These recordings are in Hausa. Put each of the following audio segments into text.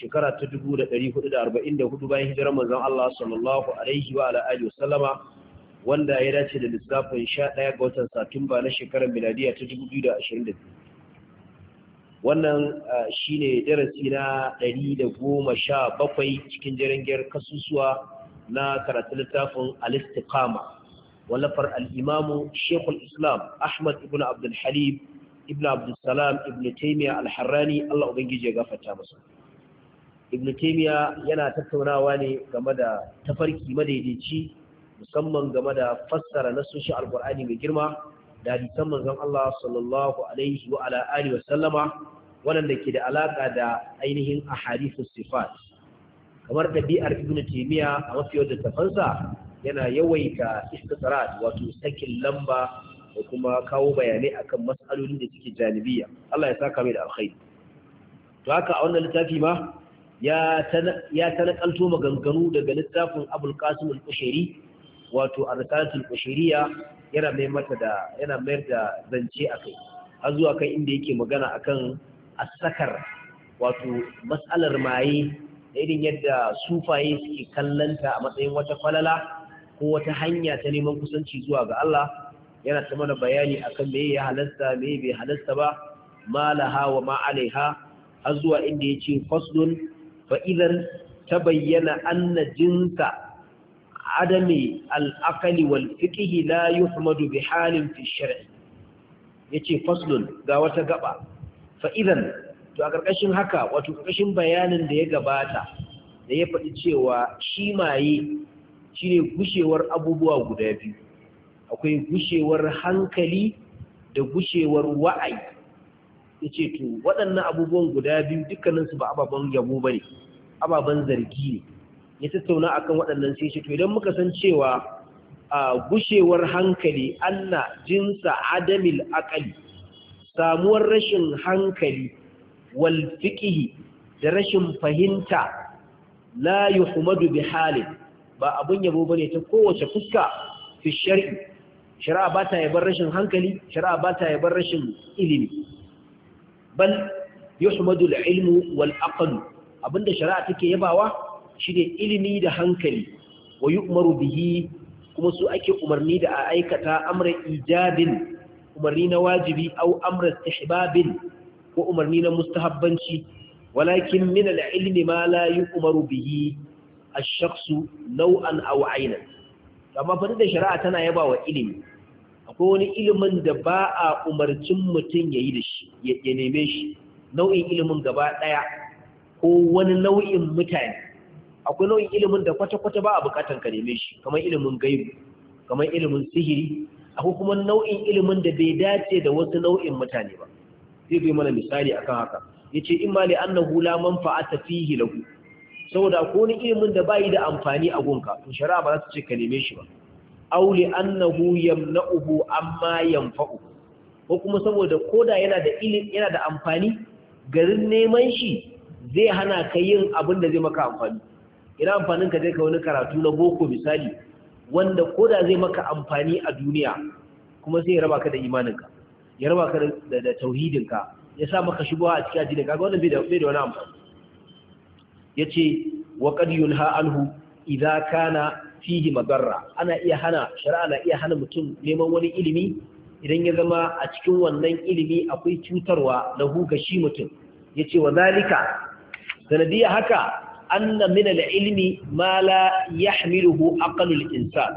shekara ta hudu bayan hijirar manzan Allah sallallahu alaihi wa alihi wanda ya dace da lissafin ɗaya ga watan Satumba na shekarar miladiya ta 2022 wannan shine darasi na sha bakwai cikin jarangiyar kasusuwa na karatun littafin al-istiqama wallafar al-imamu Islam Ahmad ibn Abdul Halim ibn Abdul Salam ibn Taymiyyah al-Harrani Allah ubangiji ya gafarta masa ibn taymiya yana tattaunawa ne game da tafarki madaidaici musamman game da fassara nasoshi alqur'ani mai girma da hadisan manzon Allah sallallahu alaihi wa ala alihi wa sallama wanda ke da alaka da ainihin ahadithus sifat kamar ɗabi'ar ibn taymiya a mafi da tafansa yana yawaita istitrat wato sakin lamba da kuma kawo bayanai akan mas'alolin da suke janibiya Allah ya saka mai da alkhairi to haka a wannan littafi ma ya ta tanakalto maganganu daga littafin abul qasim al-qushairi wato arkatul qushairiya yana yana mayar da zance akai har zuwa kan inda yake magana akan asakar wato matsalar maye da irin yadda sufaye suke kallanta a matsayin wata falala ko wata hanya ta neman kusanci zuwa ga Allah yana ta mana bayani akan me ya halasta me bai halasta ba ma wa ma alaiha har zuwa inda yace faslun fa ta bayyana anna jinsa adami al'akali wal fiƙihi la yuhmadu bi halin fi ya yace faslun ga wata gaba fa to a ƙarƙashin haka wato ƙarƙashin bayanin da ya gabata da ya faɗi cewa shi maye shine gushewar abubuwa guda biyu akwai gushewar hankali da gushewar wa'ayi ya ce to waɗannan abubuwan guda biyu dukkaninsu ba ababen yabo ba ne ababen zargi ne ya tattauna akan waɗannan sai shi to idan muka san cewa a gushewar hankali anna jinsa adamil aqali samuwar rashin hankali wal fiqhi da rashin fahimta la yuhmadu bi halin ba abun yabo bane ta kowace fuska fi shar'i shari'a ba ta yabar rashin hankali shari'a ba ta yabar rashin ilimi bal yuhmadu al ilmu wal aqlu Abin da shari'a take yabawa shine ilimi da hankali wa yu'maru bihi kuma su ake umarni da a aikata amra ijabin umarni na wajibi au amra istihbabin ko umarni na mustahabbanci walakin min al ma la yu'maru bihi ash nau'an naw'an aw aynan amma fa da shari'a tana yabawa ilimi akwai wani ilimin da ba a umarcin mutum ya yi da shi ya neme shi nau'in ilimin gaba ɗaya ko wani nau'in mutane akwai nau'in ilimin da kwata-kwata ba a bukatan ka neme shi kamar ilimin gaibu kamar ilimin sihiri akwai kuma nau'in ilimin da bai dace da wasu nau'in mutane ba zai bai mana misali akan haka yace imma li annahu la manfa'ata fihi lahu saboda ko ni ilimin da bai da amfani a gunka to shari'a ba za ta ce ka neme shi ba aw li annahu yamna'uhu amma yanfa'u ko kuma saboda koda yana da yana da amfani garin neman shi zai hana ka yin abin da zai maka amfani ina amfanin ka zai ka wani karatu na boko misali wanda koda zai maka amfani a duniya kuma sai ya raba ka da imaninka ya raba ka da tauhidinka ya sa maka shigowa a cikin addini kaga wannan bai da wani amfani yace wa qad yunha anhu idza kana fihi madarra ana iya hana shari'a na iya hana mutum neman wani ilimi idan ya zama a cikin wannan ilimi akwai cutarwa lahu ga shi mutum yace wa zalika sanadiyya haka anna mina al-ilmi ma la yahmiluhu aqlul insan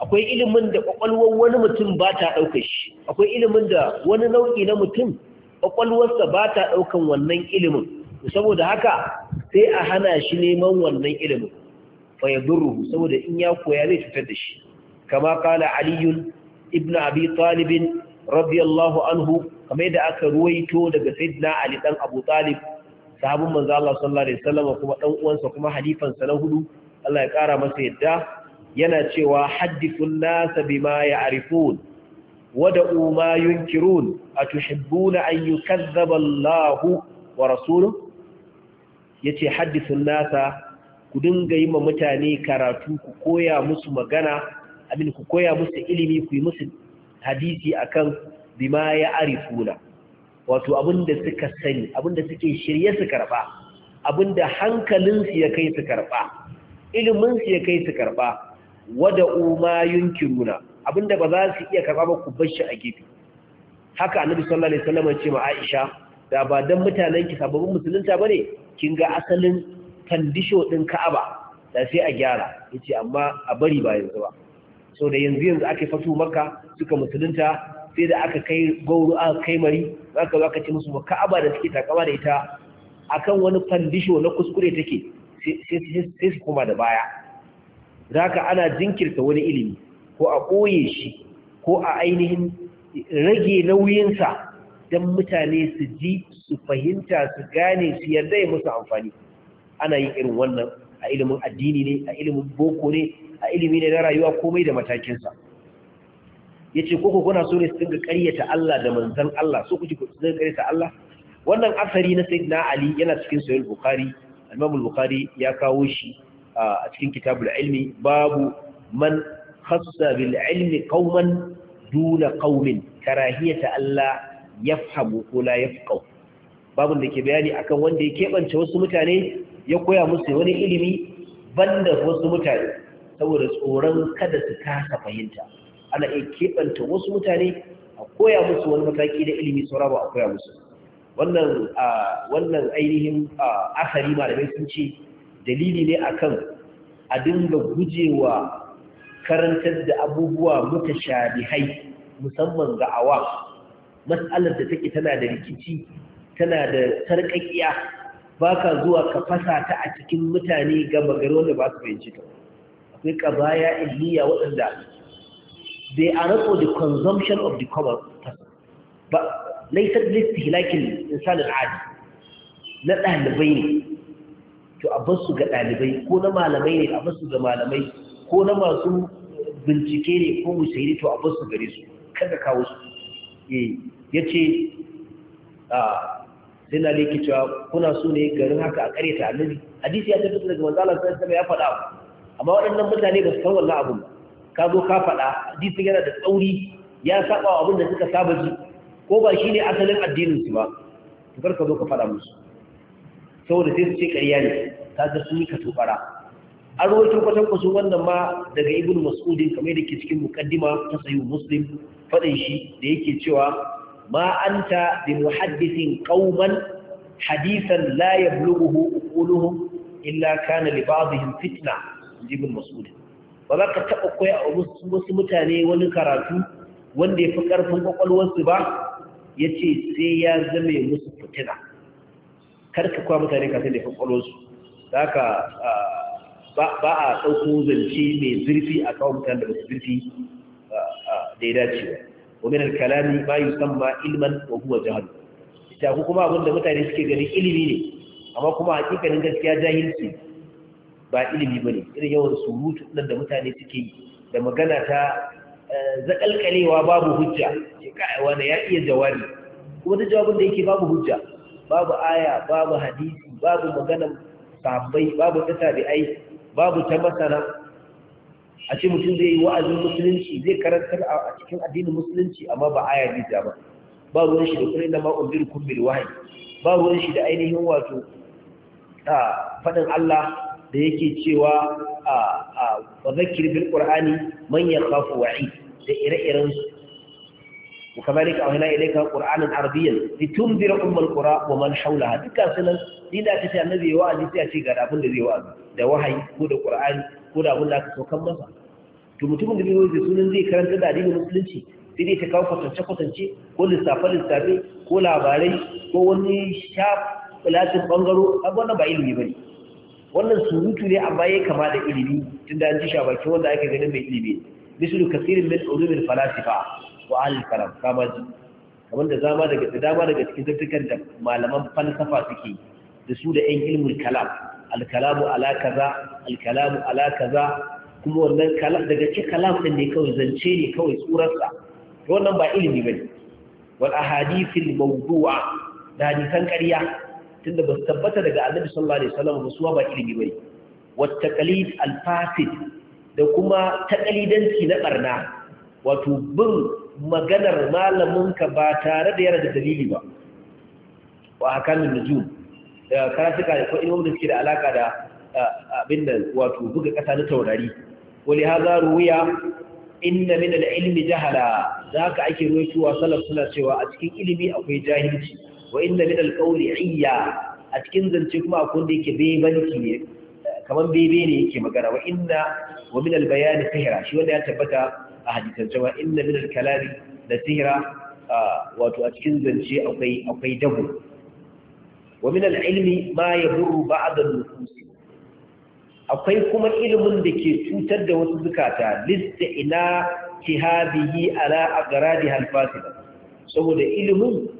akwai ilimin da kwakwalwar wani mutum ba ta ɗaukar shi akwai ilimin da wani nau'i na mutum kwakwalwarsa ba ta ɗaukan wannan ilimin saboda haka sai a hana shi neman wannan ilimin fa ya saboda in ya koya zai cutar da shi kama kala aliyun ibn abi talibin radiyallahu anhu kamar yadda aka ruwaito daga sayyidina ali dan abu talib sahabin manzo Allah sallallahu alaihi wasallam kuma dan uwansa kuma halifansa na hudu Allah ya kara masa yadda yana cewa haddithun nas bima ya'rifun wada'u ma yunkirun atuhibbuna an yukazzaba Allah wa rasuluhu yace haddithun nas ku dinga yi ma mutane karatu ku koya musu magana abin ku koya musu ilimi ku yi musu hadisi akan bima ya'rifuna wato abinda suka sani abin da suke shirye su karba abinda hankalinsu ya kai su karba iliminsu ya kai su karba wada uma yunkiruna abinda ba za su iya karba ba ku bar shi a gefe haka annabi sallallahu alaihi wasallam ya ce ma Aisha da ba dan mutanen ki sababbin musulunta bane kin ga asalin kandisho din Ka'aba da sai a gyara yace amma a bari ba yanzu ba so da yanzu yanzu ake fasu makka suka musulunta sai da aka kai gauru aka kai mari aka zo aka ce musu ba ka'aba da suke takama da ita akan wani fandisho na kuskure take sai su koma da baya zaka ana jinkirta wani ilimi ko a koye shi ko a ainihin rage nauyinsa don mutane su ji su fahimta su gane su yarda ya musu amfani ana yin irin wannan a ilimin addini ne a ilimin boko ne a ilimi ne na rayuwa komai da matakinsa Ya ko koko kuna so ne su dinga ƙaryata Allah da manzon Allah so kuke ku dinga ƙaryata Allah wannan asari na sayyidina Ali yana cikin sahih bukhari imam bukhari ya kawo shi a cikin kitabul ilmi babu man khassa bil ilmi qauman duna qaumin karahiyata Allah yafhamu ko la yafqahu Babu da ke bayani akan wanda ya keɓance wasu mutane ya koya musu wani ilimi banda wasu mutane saboda tsoron kada su kasa fahimta ana iya keɓanta wasu mutane a koya musu wani mataki da ilimi saura ba a koya musu wannan ainihin asali malamai sun ce dalili ne akan a dinga gujewa karantar da abubuwa mutashabihai musamman ga awa Matsalar da take tana da rikici tana da sarƙaƙiya ba ka zuwa ka fasa ta a cikin mutane ga gari wanda ba su fahimci ta akwai ƙabaya ilmiya waɗanda they are not for the consumption of the common person ba laysat listihlakin insan al'adi na ɗalibai ne to a basu ga ɗalibai ko na malamai ne a basu ga malamai ko na masu bincike ne ko musayiri to a basu gare su kada kawo su eh, ya ce ah, sai na leke cewa kuna so ne garin haka a kare annabi hadisi ya tabbata daga manzo Allah sallallahu alaihi wasallam ya faɗa amma waɗannan mutane ba su san wannan abun ba ka zo ka faɗa hadisi yana da tsauri ya saba wa abin da suka saba ji ko ba shi ne asalin addininsu ba to kar ka zo ka faɗa musu saboda sai su ce ƙarya ne ka ga sun yi ka tobara an rawaito kwatan sun wannan ma daga ibn mas'udin kamar da ke cikin muqaddima ta sayu muslim faɗin shi da yake cewa ma anta bi muhaddisin qauman hadisan la yablughu uquluhum illa kana li ba'dihim fitna ibn mas'udin ba za ka taɓa koya a wasu mutane wani karatu wanda ya fi ƙarfin ƙwaƙwalwarsu ba ya ce sai ya zame musu fitina karka kwa mutane kasan da ya fi ƙwaƙwalwarsu za ka ba a ɗauko zance mai zurfi a kawo mutane da masu zurfi da ya dace ba ومن الكلام ما ilman علما وهو جهل ita kuma abinda mutane suke gani ilimi ne amma kuma hakikanin gaskiya jahilci ba ilimi ba ne irin yawan surutu nan da mutane suke yi da magana ta eh, zaƙalƙalewa babu hujja Ya ka'aiwa na ya iya jawabi kuma ta jawabin da yake babu hujja babu aya babu hadisi babu magana sabai babu ta tabi'ai babu ta masana a ce mutum zai yi wa'azin musulunci zai karantar a cikin addinin musulunci amma ba aya zai ba ba ruwan shi da kullum da ma'umbir kumbir wahayi ba ruwan shi da ainihin wato a ah, faɗin Allah da yake cewa a a zakir bil qur'ani man yakhafu wa'i da ire-iren su wa kamalika awhayna ilayka qur'anan arabiyyan litunzira ummul qura wa man hawlaha duka sunan ni da kace annabi wa azi sai ce ga abin da zai wa'azi da wahayi ko da qur'ani ko da abin da aka saukan masa to mutumin da zai zo sunan zai karanta da addinin musulunci sai dai ta kawo kwatance-kwatance ko lissafe-lissafe ko labarai ko wani shaf latin bangaro abuwa ba ilimi ba ne wannan surutu ne amma ya kama da ilimi tunda an ji shabaki wanda ake ganin mai ilimi misalu kasirin min ulumin falasifa wa ahlul kalam kama ji kamar da zama daga dama daga cikin tattakan da malaman falsafa suke da su da yan ilmul kalam alkalamu ala kaza alkalamu ala kaza kuma wannan kalam daga cikin kalam din ne kawai zance ne kawai tsurarsa wannan ba ilimi bane wal ahadithil mawdu'a da hadisan ƙarya tunda ba su tabbata daga annabi sallallahu alaihi wasallam ba su ba ilimi bai wattaqalid alfasid da kuma taqalidanci na barna wato bin maganar malaminka ba tare da yana da dalili ba wa hakamin nujum da karatuka da kuma ilimin suke da alaka da abin nan wato buga kasa na taurari wali hadha ruwiya inna min al-ilmi jahala zaka ake ruwaitowa salaf suna cewa a cikin ilimi akwai jahilci wa inna min alqawli iyya a cikin zance kuma akwai da yake bebanci ne kamar bebe ne yake magana wa inna wa min albayani sihra shi wanda ya tabbata a hadisan cewa inna min alkalami da sihra wato a cikin zance akwai akwai dabo wa min alilmi ma yadurru ba'da an-nufus akwai kuma ilimin da ke cutar da wasu zukata lista ila tihabihi ala agradi halfasida saboda ilimin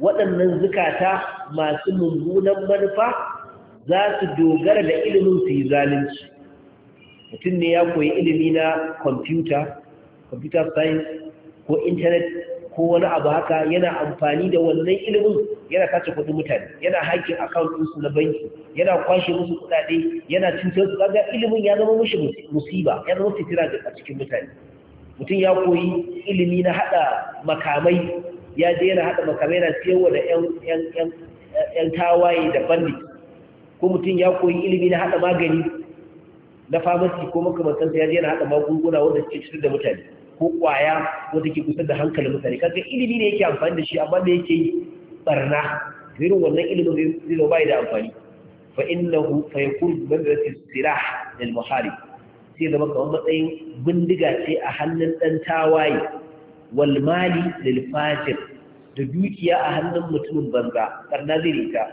waɗannan zukata masu mummunan manufa za su dogara da ilimin su yi zalunci mutum ne ya koyi ilimi na kwamfuta computer science ko intanet ko wani abu haka yana amfani da wannan ilimin yana kace kudin mutane yana hakin account ɗinsu na banki yana kwashe musu kuɗaɗe yana cutar su kaga ilimin ya zama mushi musiba ya zama fitira a cikin mutane mutum ya koyi ilimi na haɗa makamai ya je yana haɗa makamai na siyarwa da ‘yan tawaye da bandi ko mutum ya koyi ilimi na haɗa magani na famasi ko makamantansa ya je yana haɗa magunguna wanda suke cutar da mutane ko ƙwaya wanda ke kusa da hankalin mutane kaga ilimi ne yake amfani da shi amma da yake yi barna irin wannan ilimin zai bai da amfani fa innahu fa yakun madrasa silah lil muharib sai zama kamar matsayin bindiga ce a hannun dan tawaye Walmali mali da dukiya a hannun mutumin banza karna zai da ita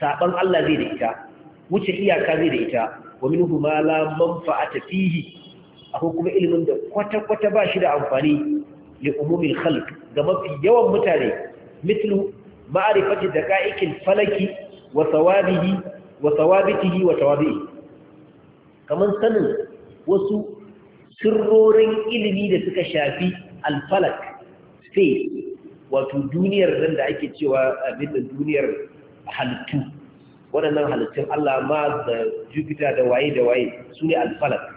saban Allah zai da ita wuce iyaka zai da ita wa min ma la manfa'ata fihi akwai kuma ilimin da kwata-kwata ba shi da amfani li umumin khalq ga mafi yawan mutane mitlu ma'arifati da ka'ikin falaki wa sawabihi wa sawabitihi wa tawabihi kamar sanin wasu sirrorin ilimi da suka shafi alfalak space wato duniyar nan da ake cewa abin duniyar halittu waɗannan halittun Allah ma da Jupiter da waye da waye su ne alfalak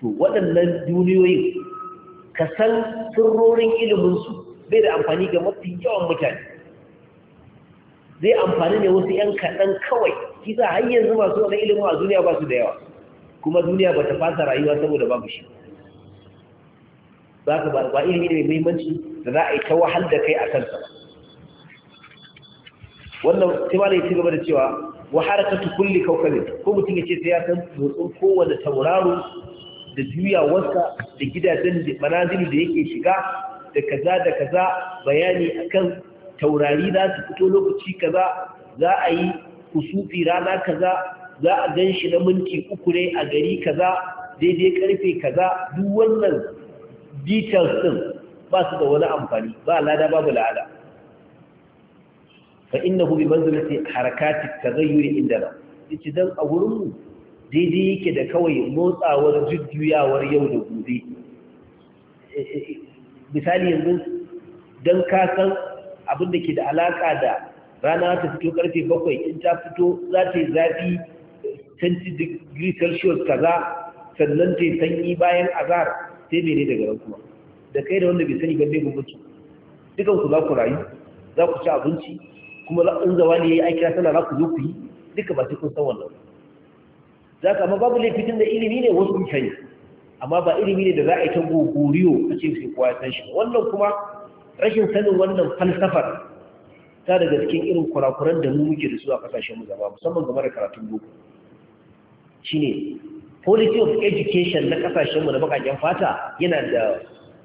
to waɗannan duniyoyin ka san sirrorin iliminsu bai da amfani ga mafi yawan mutane zai amfani ne wasu 'yan kaɗan kawai kisa har yanzu masu wani ilimin a duniya ba su da yawa kuma duniya ba ta fasa rayuwa saboda babu shi ba ka ba ba ilimi ne mai muhimmanci da za a yi ta wahal da kai a kansa wannan sai ne ci gaba da cewa wa harakatu kulli kawkabin ko mutum ya ce sai ya san motsin kowane tauraro da juyawarsa da gidajen da manazili da yake shiga da kaza da kaza bayani akan taurari za su fito lokaci kaza za a yi kusufi rana kaza za a gan shi na minti uku ne a gari kaza daidai karfe kaza duk wannan details din ba su da wani amfani ba lada babu la'ada fa innahu bi manzilati harakati taghayyur indana yace dan a gurin mu daidai yake da kawai motsawar jujjuyawar yau da gobe eh, eh, eh, misali yanzu dan ka san abin da ke da alaka da rana ta fito karfe bakwai in ta fito za ta yi zafi 20 degree celsius kaza sannan ta yi sanyi bayan azar sai mene daga rantuwa da kai da wanda bai sani ban bai bambanci dukan za ku rayu za ku ci abinci kuma in zawa ne yi aiki sallah za ku zo ku yi duka ba sai kun san wannan za ka amma babu laifin da ilimi ne wasu mutane amma ba ilimi ne da za a yi ta gogoriyo a ce sai kowa ya san shi wannan kuma rashin sanin wannan falsafar ta daga cikin irin kurakuran da mu muke da su a kasashen mu gaba musamman game da karatun boko shine policy of education na kasashenmu da bakaken fata yana da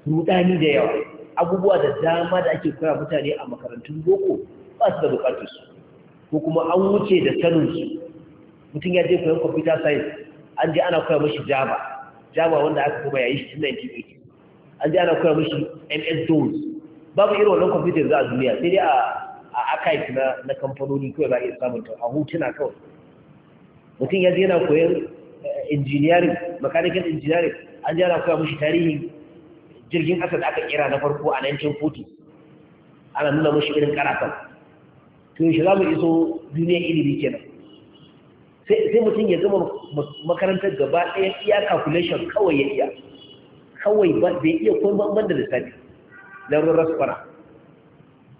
rudani da yawa abubuwa da dama da ake koya mutane a makarantun boko ba su da bukatunsu ko kuma an wuce da saninsu mutum ya je koyon computer science an je ana koya mashi java java wanda aka kuma yayi shi 1980 an je ana koya mashi ms dos babu irin wannan computer za a duniya sai dai a a archive na na kamfanoni kawai ba iya samun ta a hutuna kawai mutum ya je yana koyon engineering mechanical engineering an ko koya mushi tarihin jirgin ƙasa da aka kira na farko a 1940 ana nuna mushi irin karatan to shi za mu iso duniya ilimi kenan sai mutum ya zama makarantar gaba ɗaya iya calculation kawai ya iya kawai ba zai iya kuma ban da lissafi na rurar fara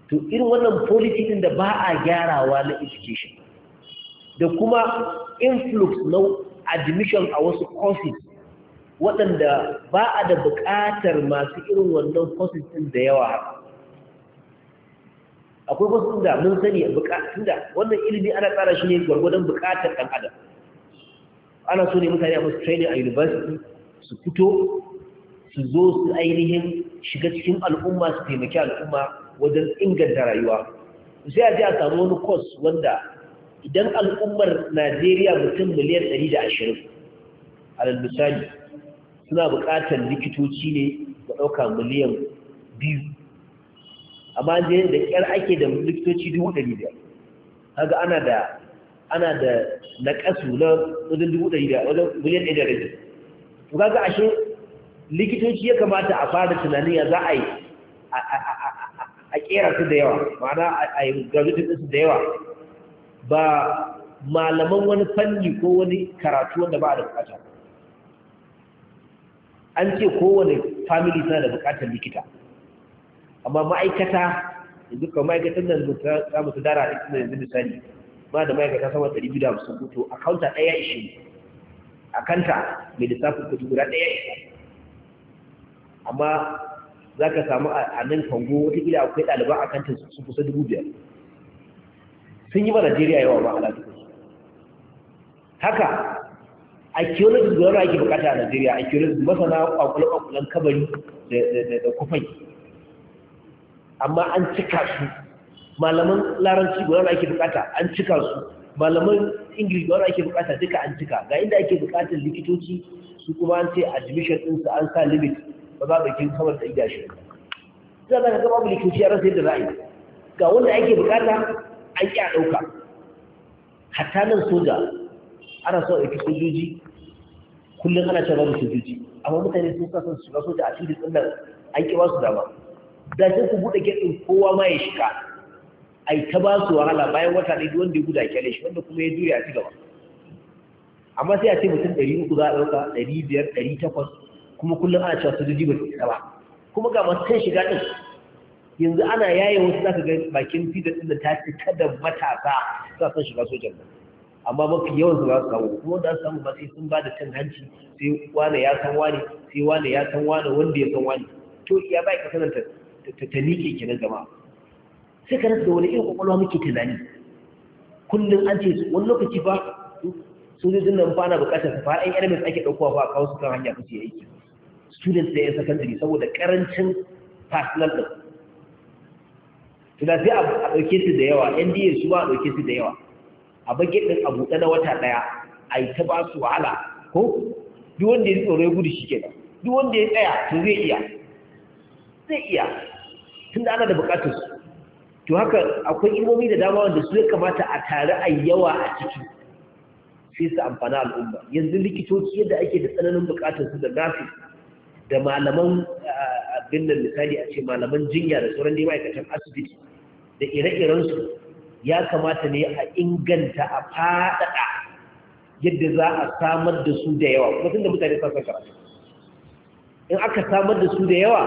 to irin wannan policy din da ba a gyarawa na education da kuma influx na admission a wasu courses waɗanda ba a da buƙatar masu irin wannan courses ɗin da yawa akwai wasu inda mun sani buƙatun da wannan ilimi ana tsara shi ne gwargwadon buƙatar ɗan adam ana so ne mutane a masu training a university su fito su zo su ainihin shiga cikin al'umma su taimaki al'umma wajen inganta rayuwa sai a je a samu wani course wanda idan al'ummar najeriya mutum miliyan 120 alal misali suna buƙatar likitoci ne ga ɗauka miliyan biyu amma jiyan da ƙyar ake da likitoci 200 ɗari haka ana da ana da na ƙasu na wajen wajen miliyan to kaga ashe likitoci ya kamata a fara tunanin ya za a yi a ƙera su da yawa ma'ana a yi gazutin su da yawa ba malaman wani fanni ko wani karatu wanda ba da bukata an ce kowane family tana da bukatar likita amma ma'aikata yanzu kan ma'aikatan nan za mu dara a cikin yanzu misali ba da ma'aikata sama da biyu da hamsin kuto a kanta ɗaya ishe a kanta mai lissafi kuɗi guda ɗaya ishe amma za ka samu a nan kango wata gida akwai ɗaliban a kanta su kusa dubu biyar sun yi ba najeriya yawa ba alaƙa haka archaeologist da wani ake bukata a najeriya archaeologist masana kwakwale-kwakwalen kabari da kufai amma an cika su malaman laranci da wani ake bukata an cika su malaman ingilishi da wani ake bukata duka an cika ga inda ake bukatar likitoci su kuma an ce admission ɗinsu an sa limit ba za bakin kamar da iya shi za ka gaba likitoci a rasa yadda za a yi ga wanda ake bukata an ƙi a ɗauka hatta nan soja ana so a sojoji kullum ana cewa da sojoji amma mutane sun sa son shiga soja a cikin tsallar an ƙi ba su dama da sai ku buɗe gate kowa ma ya shiga ai ta ba su wahala bayan wata ne duk wanda ya guda kyale shi wanda kuma ya juya a ci gaba amma sai a ce mutum ɗari uku za a ɗauka ɗari biyar ɗari takwas kuma kullum ana cewa sojoji ba su isa ba kuma ga masu kan shiga ɗin yanzu ana yaye wasu ka ga bakin fita din da ta cika kada matasa za su shiga sojan nan amma mafi yawan su za su kawo kuma da su samu ba sai sun ba da cin hanci sai wane ya san wane sai wane ya san wane wanda ya san wane to ya ba ka sanar ta ta ki na gaba sai ka rasa wani irin kwakwalwa muke tunani kullum an ce wani lokaci ba sojojin nan ba na bukatar su fara ɗan enemies ake ɗaukowa ba a kawo su kan hanya su yi aiki students da yan secondary saboda karancin personal ɗin tuna sai a ɗauke su da yawa 'yan nda su ba a ɗauke su da yawa a bakin ɗin a buɗe na wata ɗaya a yi ta ba su wahala ko duk wanda ya tsoro ya gudu shi kenan duk wanda ya tsaya to zai iya zai iya tun da ana da buƙatar su to haka akwai ilmomi da dama wanda su ya kamata a tare a yawa a ciki sai su amfana al'umma yanzu likitoci yadda ake da tsananin buƙatar su da nafi da malaman ah, abin nan misali a ce malaman jinya da sauran dai ma'aikatan asibiti da ire-irensu ya kamata ne a inganta a faɗaɗa yadda za a samar da su da yawa kuma tunda mutane sun karatu in aka samar da su da yawa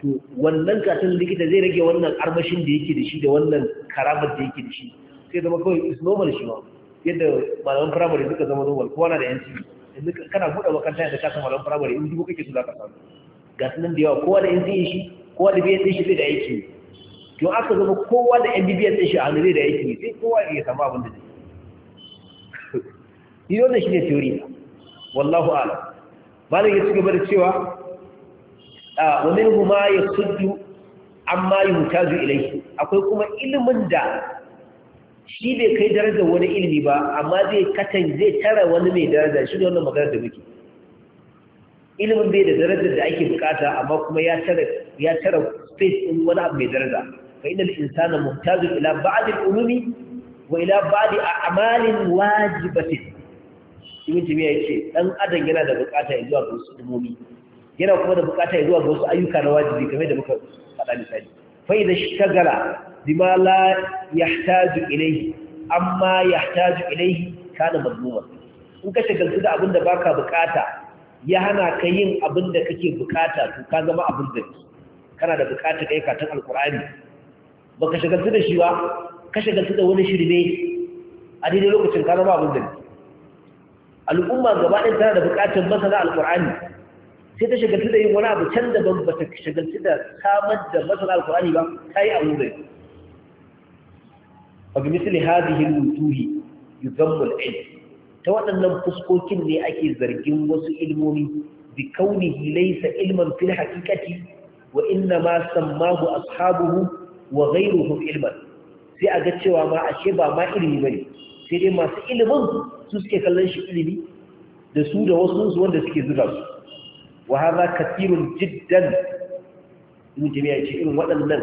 to wannan katin likita zai rage wannan armashin da yake da shi da wannan karamar da yake da shi sai zama kawai is normal shi ma yadda malaman firamare suka zama normal kowa na da yanci yanzu kana buɗe makaranta yanzu ka san malaman firamare in dubu kake so za ka samu ga su nan da yawa kowa da in sai shi kowa da biyan shi zai da aiki to aka zama kowa da yan bibiyan shi a hannu zai da aiki sai kowa ya samu abin da zai yi wannan shi ne theory wallahu ala. malam ya ci gaba da cewa wa minhu ya yasuddu amma yuhtaju ilayhi akwai kuma ilimin da shi bai kai darajar wani ilimi ba amma zai katan zai tara wani mai daraja shi ne wannan magana da muke ilimin bai da darajar da ake bukata amma kuma ya tara ya tara space din wani abu mai daraja fa al insana muhtajun ila ba'd al-ulumi wa ila ba'd a'malin wajibatin ibn timiya yace dan adam yana da bukata ya zuwa ga wasu ilimomi yana kuma da bukata ya zuwa ga wasu ayyuka na wajibi kamar da muka faɗa misali فإذا اشتغل بما لا يحتاج إليه أما يحتاج إليه كان مذموما إن كشغل سدى أبن باكا بكاتا يهنا كيين أبن كي بكاتا كان ما أبن ذلك كان da bukatar kai katun alkur'ani baka shagaltu da shi ba ka shagaltu da wani shirme a daidai lokacin kana ba abin da al'umma gaba ɗin tana da bukatar masana alkur'ani sai ta shagaltu da yin wani abu can daban ba ta shagaltu da samar da masana alkurani ba ta yi aure. bai abu misali hadihin wutuhi ilm ta waɗannan fuskokin ne ake zargin wasu ilmomi bi kaunihi laysa ilman fil haqiqati wa inna ma sammahu ashabuhu wa ghayruhum ilman sai a ga cewa ma ashe ba ma ilimi bane sai dai masu ilimin su suke kallon shi ilimi da su da wasu wanda suke zuga su wa hadha kathirun jiddan ibn jami'a ce irin waɗannan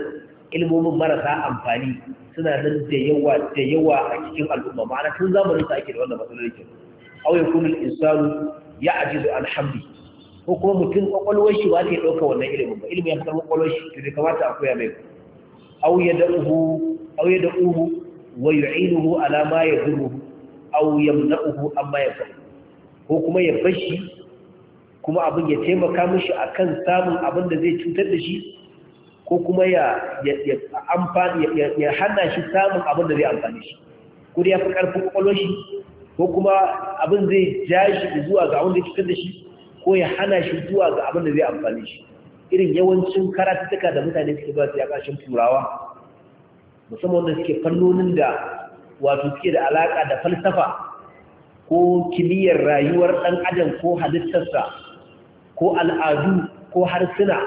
ilmomin marasa amfani suna nan da yawa da yawa a cikin al'umma ma'ana tun zamanin sa ake da wannan matsalar ke aw yakunu al-insanu ya'jizu an hamdi ko kuma mutum kwakwalwar shi ba ta yi ɗauka wannan ilimin ba ilimin ya fitar kwakwalwar shi da bai kamata a koya mai aw ya da'uhu aw ya da'uhu wa yu'inuhu ala ma yadurruhu aw yamna'uhu amma yafa ko kuma ya bashi kuma abin ya taimaka mishi kan samun abin da zai cutar da shi ko kuma ya hana shi samun abin da zai amfani shi ko da ya fi ƙarfin ƙwallon shi ko kuma abin zai ja shi zuwa ga abin da cutar da shi ko ya hana shi zuwa ga abin da zai amfani shi irin yawancin karatuka da mutane suke ba su ya ƙashin turawa musamman wanda suke fannonin da wato suke da alaƙa da falsafa ko kimiyyar rayuwar ɗan adam ko halittarsa ko al'adu ko harsuna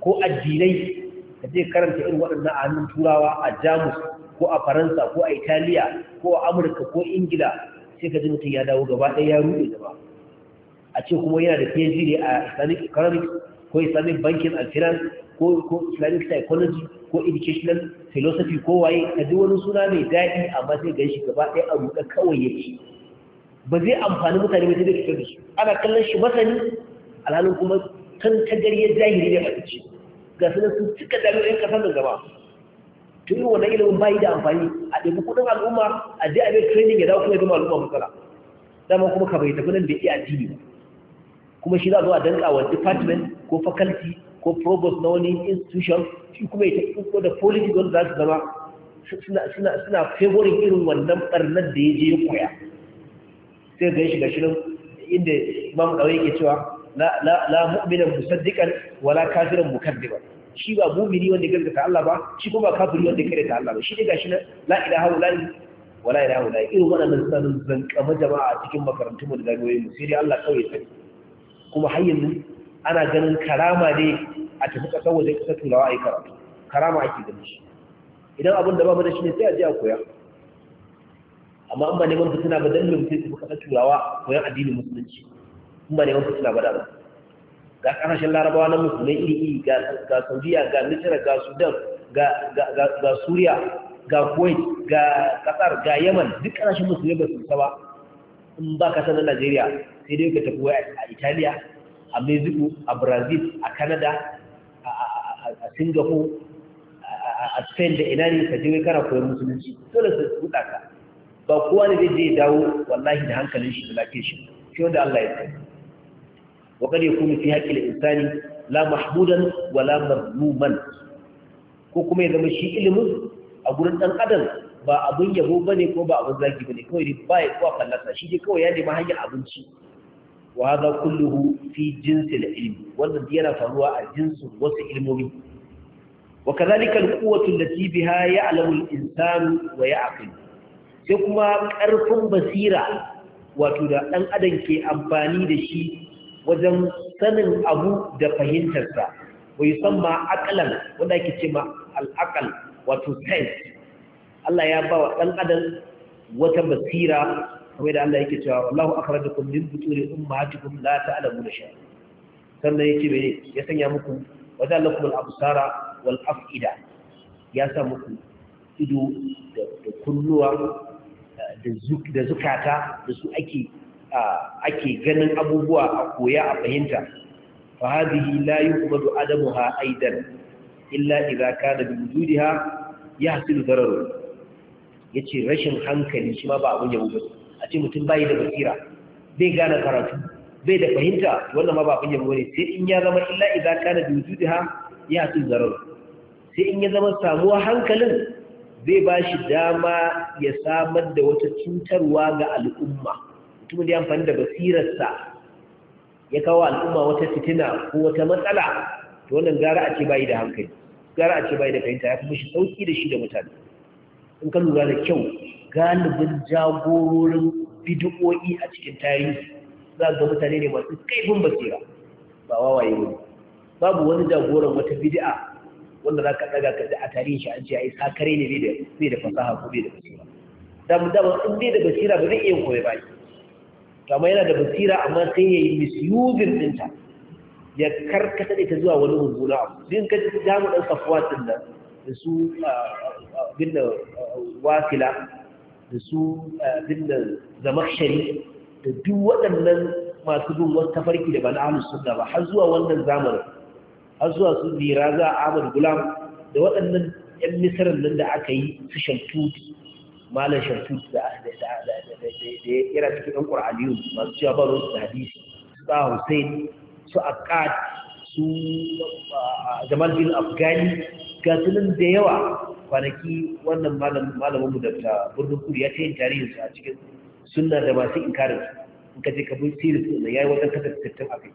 ko addinai da zai karanta irin waɗannan a hannun turawa a jamus ko a faransa ko a italiya ko a amurka ko ingila sai ka ji mutum ya dawo gaba ɗaya ya ruɗe gaba a ce kuma yana da phd ne a islamic economics ko islamic banking and finance ko islamic psychology ko educational philosophy ko waye ka ji wani suna mai daɗi amma sai gan shi gaba ɗaya a ruɗa kawai ya ba zai amfani mutane mai zai da shi ana kallon shi masani alhalin kuma kan ya zahiri ne mace ga su sun cika jami'o'in kasar nan gaba tun yi wannan ilimin bayi da amfani a ɗabi kudin al'umma a je a bai training ya dawo kuma ya zama al'umma matsala dama kuma ka bai tafi nan da iya addini kuma shi za a zo a danka wa department ko faculty ko provost na wani institution shi kuma ya tafi ko da policy wanda za su zama suna favorin irin wannan ɓarnar da ya je ya koya sai ga shi ga shirin inda imam ɗaure yake cewa la mu'minan musaddiqan wala kafiran mukaddiban shi ba mu'mini wanda ya gaskata Allah ba shi kuma ba kafiri wanda ya karanta Allah ba shi ne gashi na la ilaha illallah wala ilaha illallah irin wannan sanin zankama jama'a a cikin makarantun mu da jami'o'in mu sai dai Allah kawai sani kuma har yanzu ana ganin karama ne a tafi kasar waje kasar turawa a yi karatu karama ake ganin shi idan abin da ba mu da shi ne sai a je a koya amma an ba neman fitina ba don mu sai su kasar turawa koyan addinin musulunci Kuma ba neman fitina ba ba ga ƙasashen larabawa na musulmai iri ga saudiya ga misira ga sudan ga suriya ga kuwait ga ƙasar ga yaman duk ƙasashen musulmai ba su ba in ba ka sanar najeriya sai dai ka tafi a italiya a mexico a brazil a canada a singapore a spain da ina ne ka je kana koyar musulunci dole su buɗa ka ba kowa ne zai je dawo wallahi da hankalin shi da lafiyar shi shi wanda allah ya tsaye wa kada yakunu fi haqqil insani la mahmudan wa la mazmuman ko kuma ya zama shi ilimin a gurin ɗan adam ba abin yabo bane ko ba abun zagi bane kawai dai ba ya kuwa fallasa shi dai kawai ya nema hanyar abinci wa hadha kulluhu fi jinsi al-ilm wannan yana faruwa a jinsin wasu ilmomi wa kadhalika al-quwwatu allati biha ya'lamu al-insanu wa ya'qil sai kuma karfin basira wato da ɗan adam ke amfani da shi wajen sanin abu da fahimtarsa bai san ma akalan wanda ake ce ma al'akal wato sense Allah ya ba wa ɗan adam wata basira kamar da Allah yake cewa da akhrajakum min butuni ummahatikum la ta'lamuna shay'a sannan yake mene ya sanya muku wadallakum al-absara wal af'ida ya sa muku ido da kunnuwa da zukata da su ake ake ganin abubuwa a koya a fahimta fa hadhihi la yuqbadu adabuha aidan illa idza kana bi wujudiha yahsilu dararu yace rashin hankali shi ma ba abun yabo ba a ce mutum bai da basira bai gane karatu bai da fahimta wannan ma ba abun yabo ne sai in ya zama illa idza kana bi wujudiha yahsilu dararu sai in ya zama samuwa hankalin zai ba shi dama ya samar da wata cutarwa ga al'umma mutumin da ya amfani da basirarsa ya kawo al'umma wata fitina ko wata matsala to wannan gara a ce bayi da hankali gara a ce bayi da fahimta ya fi shi sauki da shi da mutane in ka lura da kyau galibin jagororin bid'o'i a cikin tarihi za ga mutane ne masu kaifin basira ba wawaye ne babu wani jagoran wata bid'a wanda ka ɗaga ka a tarihin shi an ce ai sakare ne bai da fasaha ko bai da basira da mu da in bai da basira ba zai iya koyi ba amma yana da basira amma sai ya yi misusing ɗinta ya karkata ita zuwa wani mummuna abu din ka damu ɗan safuwa ɗin da su binna wasila da su binna zamakshari da duk waɗannan masu bin wata tafarki da ba ahlus sunna ba har zuwa wannan zamanin har zuwa su dira za a Ahmad Gulam da waɗannan 'yan misarar nan da aka yi su shantuti malam shamsu da yana cikin ɗan ƙur'aniyun masu cewa ba ruwansu da hadisi ba hussein su akkad su ah, jamal bin afghani ga sunan da yawa kwanaki wannan malaminmu da ta birnin kudu ya ce yin tarihinsu a cikin sunna da masu inkarin in ka je ka bi siris da ya yi wajen kasa tattattun a kai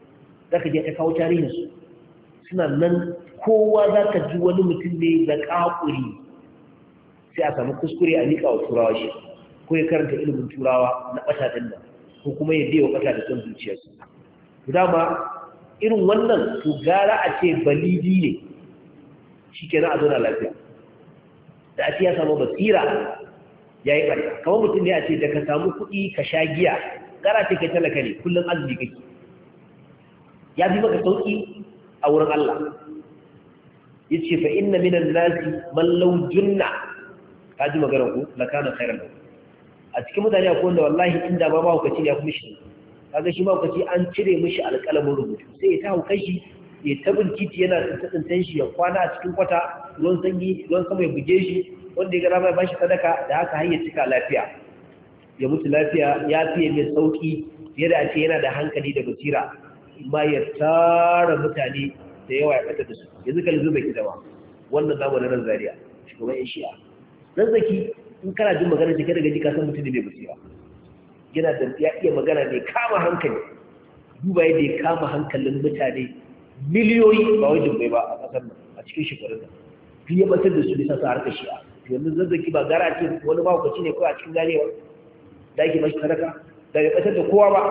za ka je ka kawo tarihinsu suna nan kowa za ka ji wani mutum ne da ƙaƙuri sai a samu kuskure a miƙa wa turawa shi ko ya karanta ilimin turawa na ɗin nan ko kuma ya biya wa ɓata da son zuciyarsu dama irin wannan to gara a ce balidi ne shi kenan a zauna lafiya da a ce ya samu basira ya yi ɓarka kamar mutum ne a ce da ka samu kuɗi ka sha giya gara ce ka talaka ne kullum azumi kake ya fi maka sauƙi a wurin Allah yace ce fa inna minan nasi man law junna ka ji maganar ku la kana khairan lahu a cikin mutane akwai wanda wallahi inda ba ba hukaci ne ya kuma shi kaga shi ba hukaci an cire mishi alƙalamin rubutu sai ya ta hukai shi ya tabin titi yana tsintan shi ya kwana a cikin kwata ruwan sanyi ruwan sama ya buge shi wanda ya ga ba ya bashi sadaka da haka har ya cika lafiya ya mutu lafiya ya fiye mai sauki fiye da a ce yana da hankali da basira ma ya tara mutane da yawa ya ɓata da su yanzu kan zuba ki wannan zamu na nan Zariya shugaban yan shi'a zazzaki in kana jin magana jike kada gaji san mutum ne mai ba. yana da ya iya magana mai kama hankali duba yadda ya kama hankalin mutane miliyoyi ba wajen bai ba a kasar nan a cikin shekarun nan ya matar da su bisa sa harkar shi'a yanzu zazzaki ba gara ce wani mahaukaci ne kawai a cikin ganewa da ake mashi sadaka da kasar ɓatar da kowa ba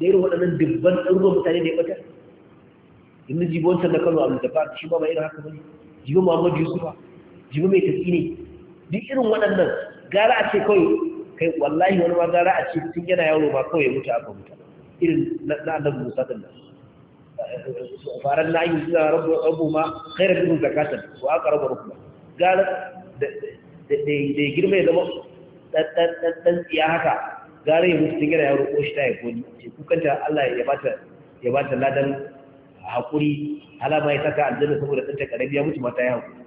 da irin waɗannan dubban ɗaruruwan mutane da ya ɓatar yanzu jibon na kano a da shi ba ba irin haka ba ne? jibin muhammadu yusufa jibin mai tafi ne duk irin waɗannan gara a ce kawai kai wallahi wani ma gara a ce tun yana yaro ba kawai ya mutu aka mutu irin na annabi Musa din nan eh, eh, faran na yi suna rabu ma khairar irin zakatan ko aka rabu rukma gara da ya girma ya zama ɗanɗan tsiya haka gara ya mutu tun yana yaro ko shi ta ya koli ce kukanta Allah ya bata ya bata ladan haƙuri alama ya saka aljanna saboda ɗanta ƙarami mutu mata ya haƙuri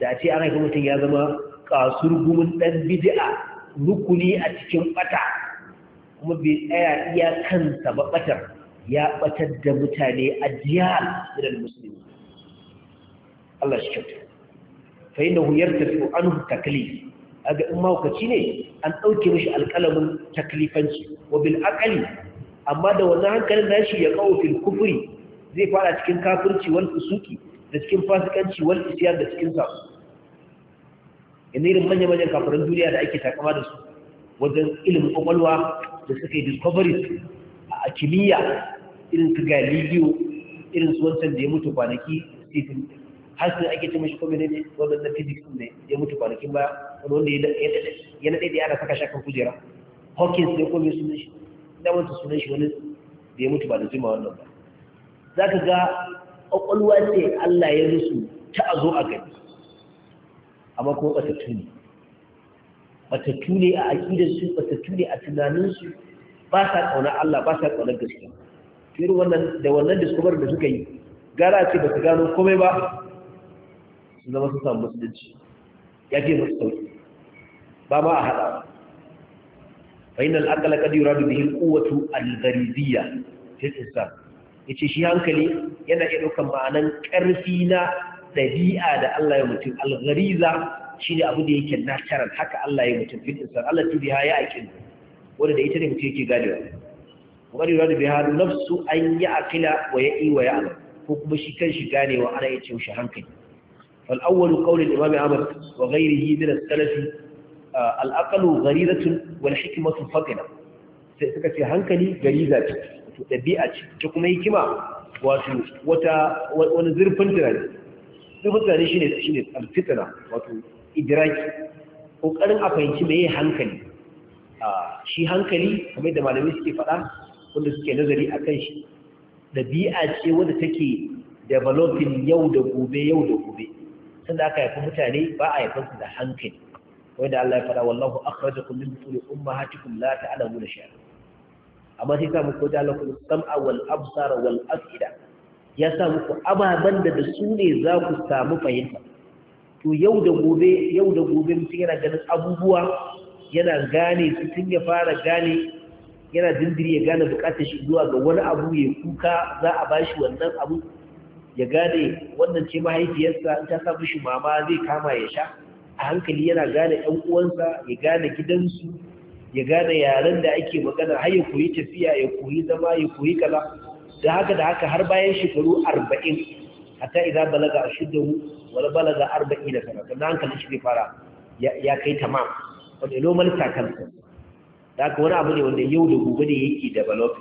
da ce an haifi mutum ya zama kasur gumin ɗan bid'a rukuni a cikin ɓata kuma bai tsaya iya kansa ba ɓatar ya ɓatar da mutane a jihar irin musulmi Allah shi kyautu fa yi na huyar tafi an taklif a ga in mahaukaci ne an ɗauke mashi alƙalamin taklifanci wa bil aƙali amma da wannan hankalin nashi ya kawo fil kufuri zai fara cikin kafirci wani usuki da cikin fasikanci wal isiyar da cikin sa yanzu irin manya-manyan kafirin duniya da ake takama da su wajen ilimin kwakwalwa da suka yi discoveries a kimiyya irin su galileo irin su wancan da ya mutu kwanaki stephen har sun ake ce mashi kwamini ne wannan na physics ne ya mutu kwanakin ba wani wanda ya naɗe da yana saka shakan kujera hawkins ne kwamini sunan shi damar sunan shi wani da ya mutu ba da jima wannan ba za ka ga ƙwaƙwalwa ce Allah ya rusu ta a zo a gani amma kuma ɓatattu ne ɓatattu ne a aƙidarsu ɓatattu ne a tunaninsu ba sa ƙaunar Allah ba sa ƙaunar gaskiya irin wannan da wannan discover da suka yi gara ce ba su gano komai ba su zama su samu musulunci ya ce musu sauƙi ba ma a haɗa ba fa inal aqla qad da bihi al al-ghariziyya fi al yace shi hankali yana iya ɗaukar ma'anan ƙarfi na ɗabi'a da Allah ya mutum al-ghariza shine abu da yake natural haka Allah ya mutum fil insan Allah biha ya a wanda da ita ne mutum yake gadewa wa qad yuradu biha nafsu an ya'qila wa ya'i wa ya'lam ko kuma shi kan shi ganewa ana iya cewa shi hankali fal awwal qawl imam Ahmad wa ghayrihi min as-salaf al-aqlu gharizatun wal hikmatu faqila sai suka ce hankali gariza ce to ɗabi'a ce ta kuma hikima wato wata wani zurfin tunani zurfin tunani shine shine alfitra wato idraki kokarin a fahimci meye hankali shi hankali kamar da malamai suke faɗa wanda suke nazari a kan shi ɗabi'a ce wanda take developing yau da gobe yau da gobe sanda aka haifi mutane ba a haifar da hankali wanda Allah ya faɗa wallahu akhrajakum min butuni ummahatikum la ta'lamuna shay'an amma sai sa muku ta lakum sam'a wal absara wal afida ya sa muku ababan da da su ne za ku samu fahimta to yau da gobe yau da gobe mutum yana ganin abubuwa yana gane su tun ya fara gane yana dindiri ya gane bukatar shi zuwa ga wani abu ya kuka za a bashi wannan abu ya gane wannan ce mahaifiyarsa in ta samu shi mama zai kama ya sha a hankali yana gane ɗan uwansa ya gane gidansu ya gane yaren da ake magana har ya koyi tafiya ya koyi zama ya koyi kaza da haka da haka har bayan shekaru arba'in hatta idan balaga a shiddahu wani balaga arba'in da kana sannan hankali shi zai fara ya kai tamam wanda normal sakan da haka wani abu ne wanda yau da gobe ne yake develop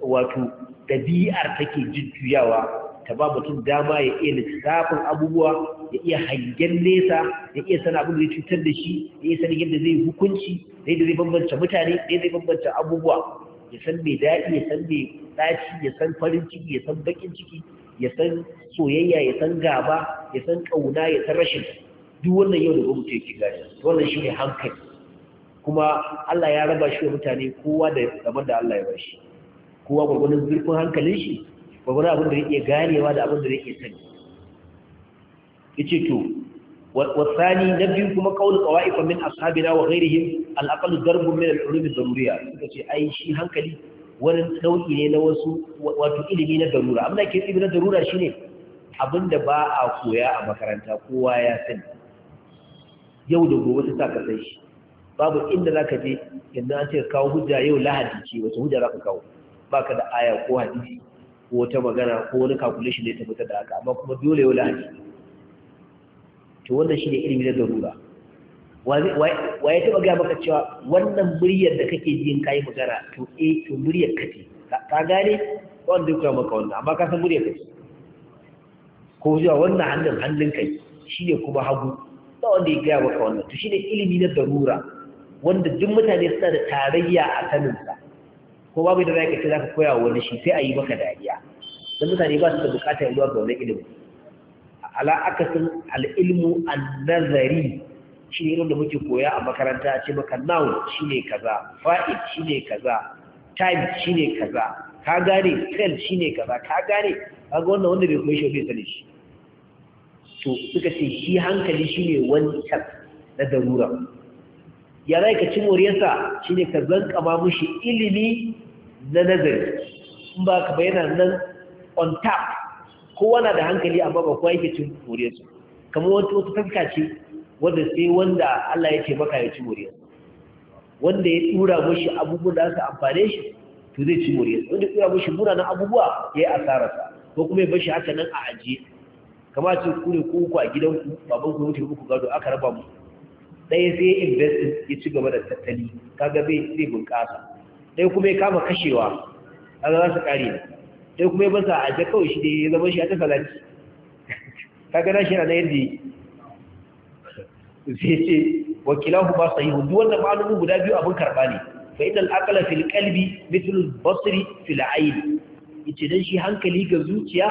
wato ɗabi'ar take jujjuyawa ta ba mutum dama ya iya lissafin abubuwa ya iya hangen nesa ya iya sana abin da zai cutar da shi ya iya sanin yadda zai hukunci da yadda zai bambanta mutane da yadda zai bambanta abubuwa ya san mai daɗi ya san mai ɗaci ya san farin ciki ya san baƙin ciki ya san soyayya ya san gaba ya san ƙauna ya san rashin duk wannan yau da gobe yake gani wannan shi ne hankali kuma Allah ya raba shi wa mutane kowa da gaban da Allah ya ba shi kowa gwagwanin zurfin hankalin shi gwagwaro abin da yake ganewa da abin da yake sani yace to wasani na biyu kuma kauna qawaifa min ashabina wa ghairihim al aqal darbun min al ulum daruriya suka ce ai shi hankali wani nau'i ne na wasu wato ilimi na darura amma ke ilimi na darura shine abinda ba a koya a makaranta kowa ya sani yau da gobe ta ka sai shi babu inda zaka je idan an ce kawo hujja yau lahadi ce wasu hujja zaka kawo baka da aya ko hadisi ko wata magana ko wani calculation ne ta fita da haka amma kuma dole yau lahadi to wannan shine ilimi na darura wa ya taba gaya maka cewa wannan muryar da kake jin kayi magana to eh to muryar ka ce ka gane wanda ya maka wannan amma ka san muryar ka ce ko zuwa wannan hannun hannun kai shine kuma hagu ba wanda ya gaya maka wannan to shine ilimi na darura wanda duk mutane suna da tarayya a saninsa ko babu da za ka ce za ka koya wani shi sai a yi maka dariya da mutane ba su da bukatar zuwa ga wannan ilimin ala akasin al'ilmu an-nazari shi ne da muke koya a makaranta a ce maka noun shi ne kaza fa'id shi ne kaza time shi ne kaza ka gane cell shi ne kaza ka gane ga wannan wanda bai koyi shi bai sani shi to suka ce shi hankali shi ne wancan na darura ya zai ka ci moriyarsa shi ne ka kama mushi ilimi na nazari in ba ka bayyana nan on tap kowa na da hankali amma ba kowa yake cin moriyar su kamar wata wata tafka ce wanda sai wanda Allah ya ce maka ya ci moriyar wanda ya tura mushi abubuwan da aka amfane shi to zai ci moriyar wanda ya tura mushi munanan abubuwa ya yi asararsa ko kuma ya bashi haka nan a ajiye kamar ce ku ne ku ku a gidanku baban ku wuce muku gado aka raba mu ɗaya sai investin ya ci gaba da tattali kaga zai bunƙasa ɗaya kuma ya kama kashewa kaga za su ƙare sai kuma ya basa a ta kawai shi da ya zama shi a ta salati kaga na shi na yadda yake sai ce wakilahu ba yi hundu, wannan malumu guda biyu abin karba ne fa innal al'akala fil kalbi mitul basri fil ayin yace dan shi hankali ga zuciya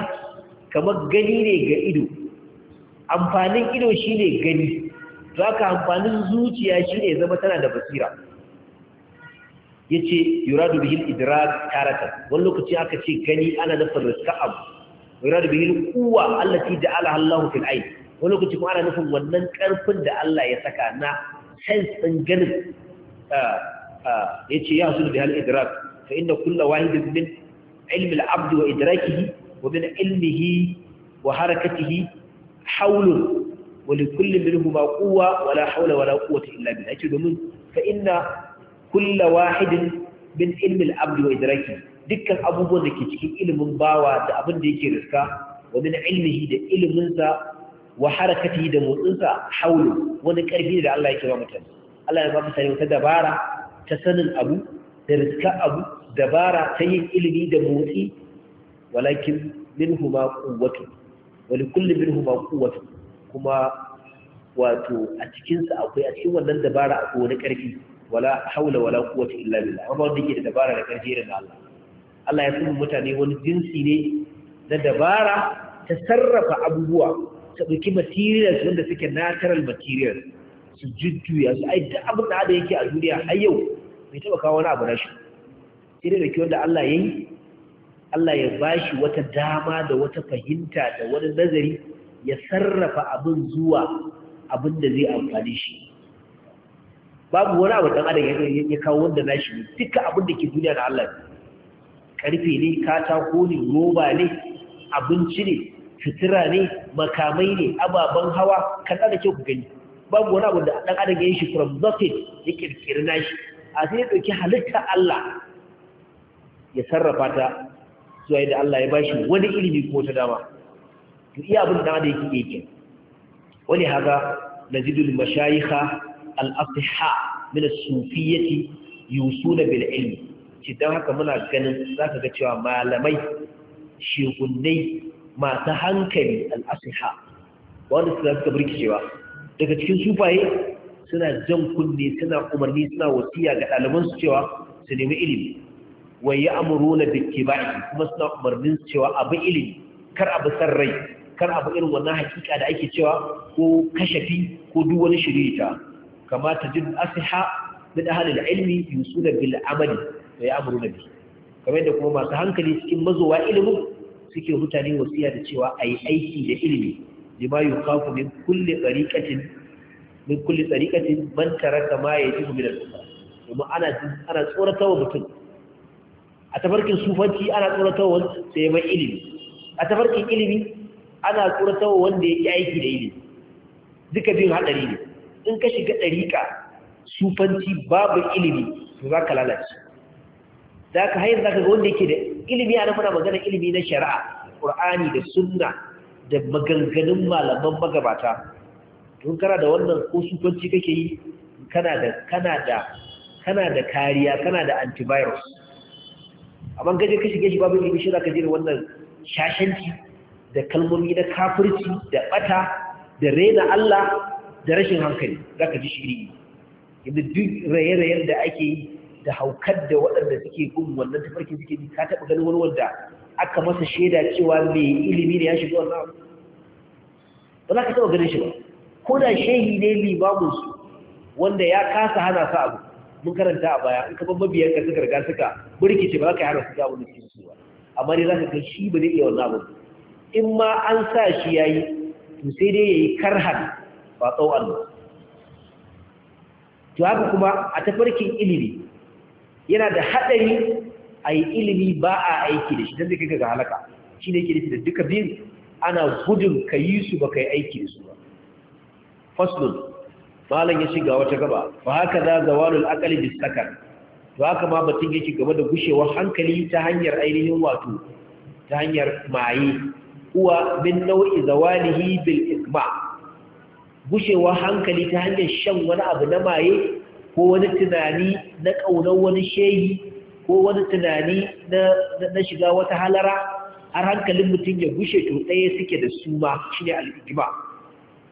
kamar gani ne ga ido amfanin ido shine gani zaka amfanin zuciya shine zama tana da basira yace yuradu bihil idrak taratan wani lokaci aka ce gani ana nufin riska abu yuradu bihil quwwa allati ja'alaha Allah fil ayn wani lokaci kuma ana nufin wannan karfin da Allah ya saka na sense din ganin yace ya hasul bihil idrak fa inna kullu wahidin min ilmi al-abd wa idrakihi wa min ilmihi wa harakatihi hawlun wa likulli minhuma quwwa wala hawla wala quwwata illa billah yace domin fa inna kulla wahidin bin ilmin abdi wa idraki dukkan abubuwan da ke cikin ilimin bawa da abin da yake riska wa min ilmihi da iliminsa wa harakatihi da motsinsa haulu wani karfi da Allah yake ba mutane Allah ya ba sani wata dabara ta sanin abu da riska abu dabara ta yin ilimi da motsi walakin minhu ma quwwatu wa likulli minhu ma quwwatu kuma wato a cikinsa akwai a cikin wannan dabara akwai wani karfi wala haula wala quwwata illa billah Wannan wanda da dabara da karfi na Allah Allah ya tsumi mutane wani jinsi ne na dabara ta sarrafa abubuwa ta ɗauki materials wanda suke natural materials su jujjuya su ai duk abin da yake a duniya har yau bai taɓa kawo wani abu na shi sai dai da wanda Allah ya yi Allah ya bashi wata dama da wata fahimta da wani nazari ya sarrafa abin zuwa abin da zai amfani shi babu wani abu dan adam ya kawo wanda na ne duka abin da ke duniya da Allah karfe ne katako ne roba ne abinci ne fitira ne makamai ne ababen hawa kan da ke ku gani babu wani abu da dan adam ya shi from nothing ya kirkiri shi. a sai ya dauki halitta Allah ya sarrafa ta zuwa yadda Allah ya bashi wani ilimi ko ta dama to iya abin da da yake yake wani haka nazidul mashayikha al-asiha min as-sufiyyati yusuna bil ci haka muna ganin zaka ga cewa malamai shegunnai masu hankali al-asiha wanda suka suka birkicewa daga cikin sufaye suna jan kunne suna umarni suna wasiya ga ɗalibansu cewa su nemi ilimi wai ya amurona da bitti ba'i kuma suna umarnin cewa abin ilimi kar abu san rai kar abu irin wannan hakika da ake cewa ko kashafi ko duk wani shirita Kamata tajid asiha min ahli al-ilmi yusuna bil amali wa ya'muruna bi kamar da kuma masu hankali cikin mazowa ilimi suke mutane wasiya da cewa ayi aiki da ilimi lima yuqafu min kulli tariqatin min kulli tariqatin man taraka ma yajibu min al-ukhra kuma ana ana tsoratawa mutum a tafarkin sufanci ana tsoratawa sai mai ilimi a tafarkin ilimi ana tsoratawa wanda ya yi aiki da ilimi duka bin haɗari ne in ka shiga ɗariƙa sufanci babu ilimi to za ka lalace za ka haini za ka ga wanda yake da ilimi a muna magana ilimi na shari'a ƙur'ani da sunna da maganganun malaman magabata don kana da wannan ko sufanci kake yi kana da kariya kana da antivirus amma gaje ka shiga shi babu ilimi shi za ka jira wannan shashanci da kalmomi na kafirci da ɓata, da raina Allah da rashin hankali za ka ji shiri yadda duk raye-rayen da ake yi da haukar da waɗanda suke gun wannan tafarkin suke ka taɓa ganin wani wanda aka masa shaida cewa mai ilimi ne ya shiga wannan abu ba za ka taɓa ganin shi ba ko da shehi ne limaminsu wanda ya kasa hana sa abu mun karanta a baya in ka ban mabiyan ka suka riga suka ce ba za ka yi hana su abu abin da suke so amma dai za ka ga shi ba zai iya wannan abu in ma an sa shi ya yi to sai dai ya yi karhan ba tsawon Allah. to haka kuma a tafarkin ilimi yana da haɗari a yi ilimi ba a aiki da shi don zai kai ga halaka shi ne kiri da duka biyu ana gudun ka yi su ba ka yi aiki da su ba faslun malam ya shiga wata gaba ba haka za zawalul akali bisakar to haka ma batun yake game da gushewa hankali ta hanyar ainihin wato ta hanyar maye uwa min nau'i zawalihi bil ikma gushewa hankali ta hanyar shan wani abu na maye ko wani tunani na ƙaunar wani shehi ko wani tunani na shiga wata halara har hankalin mutum ya gushe to ɗaya suke da suma shi ne al'ijima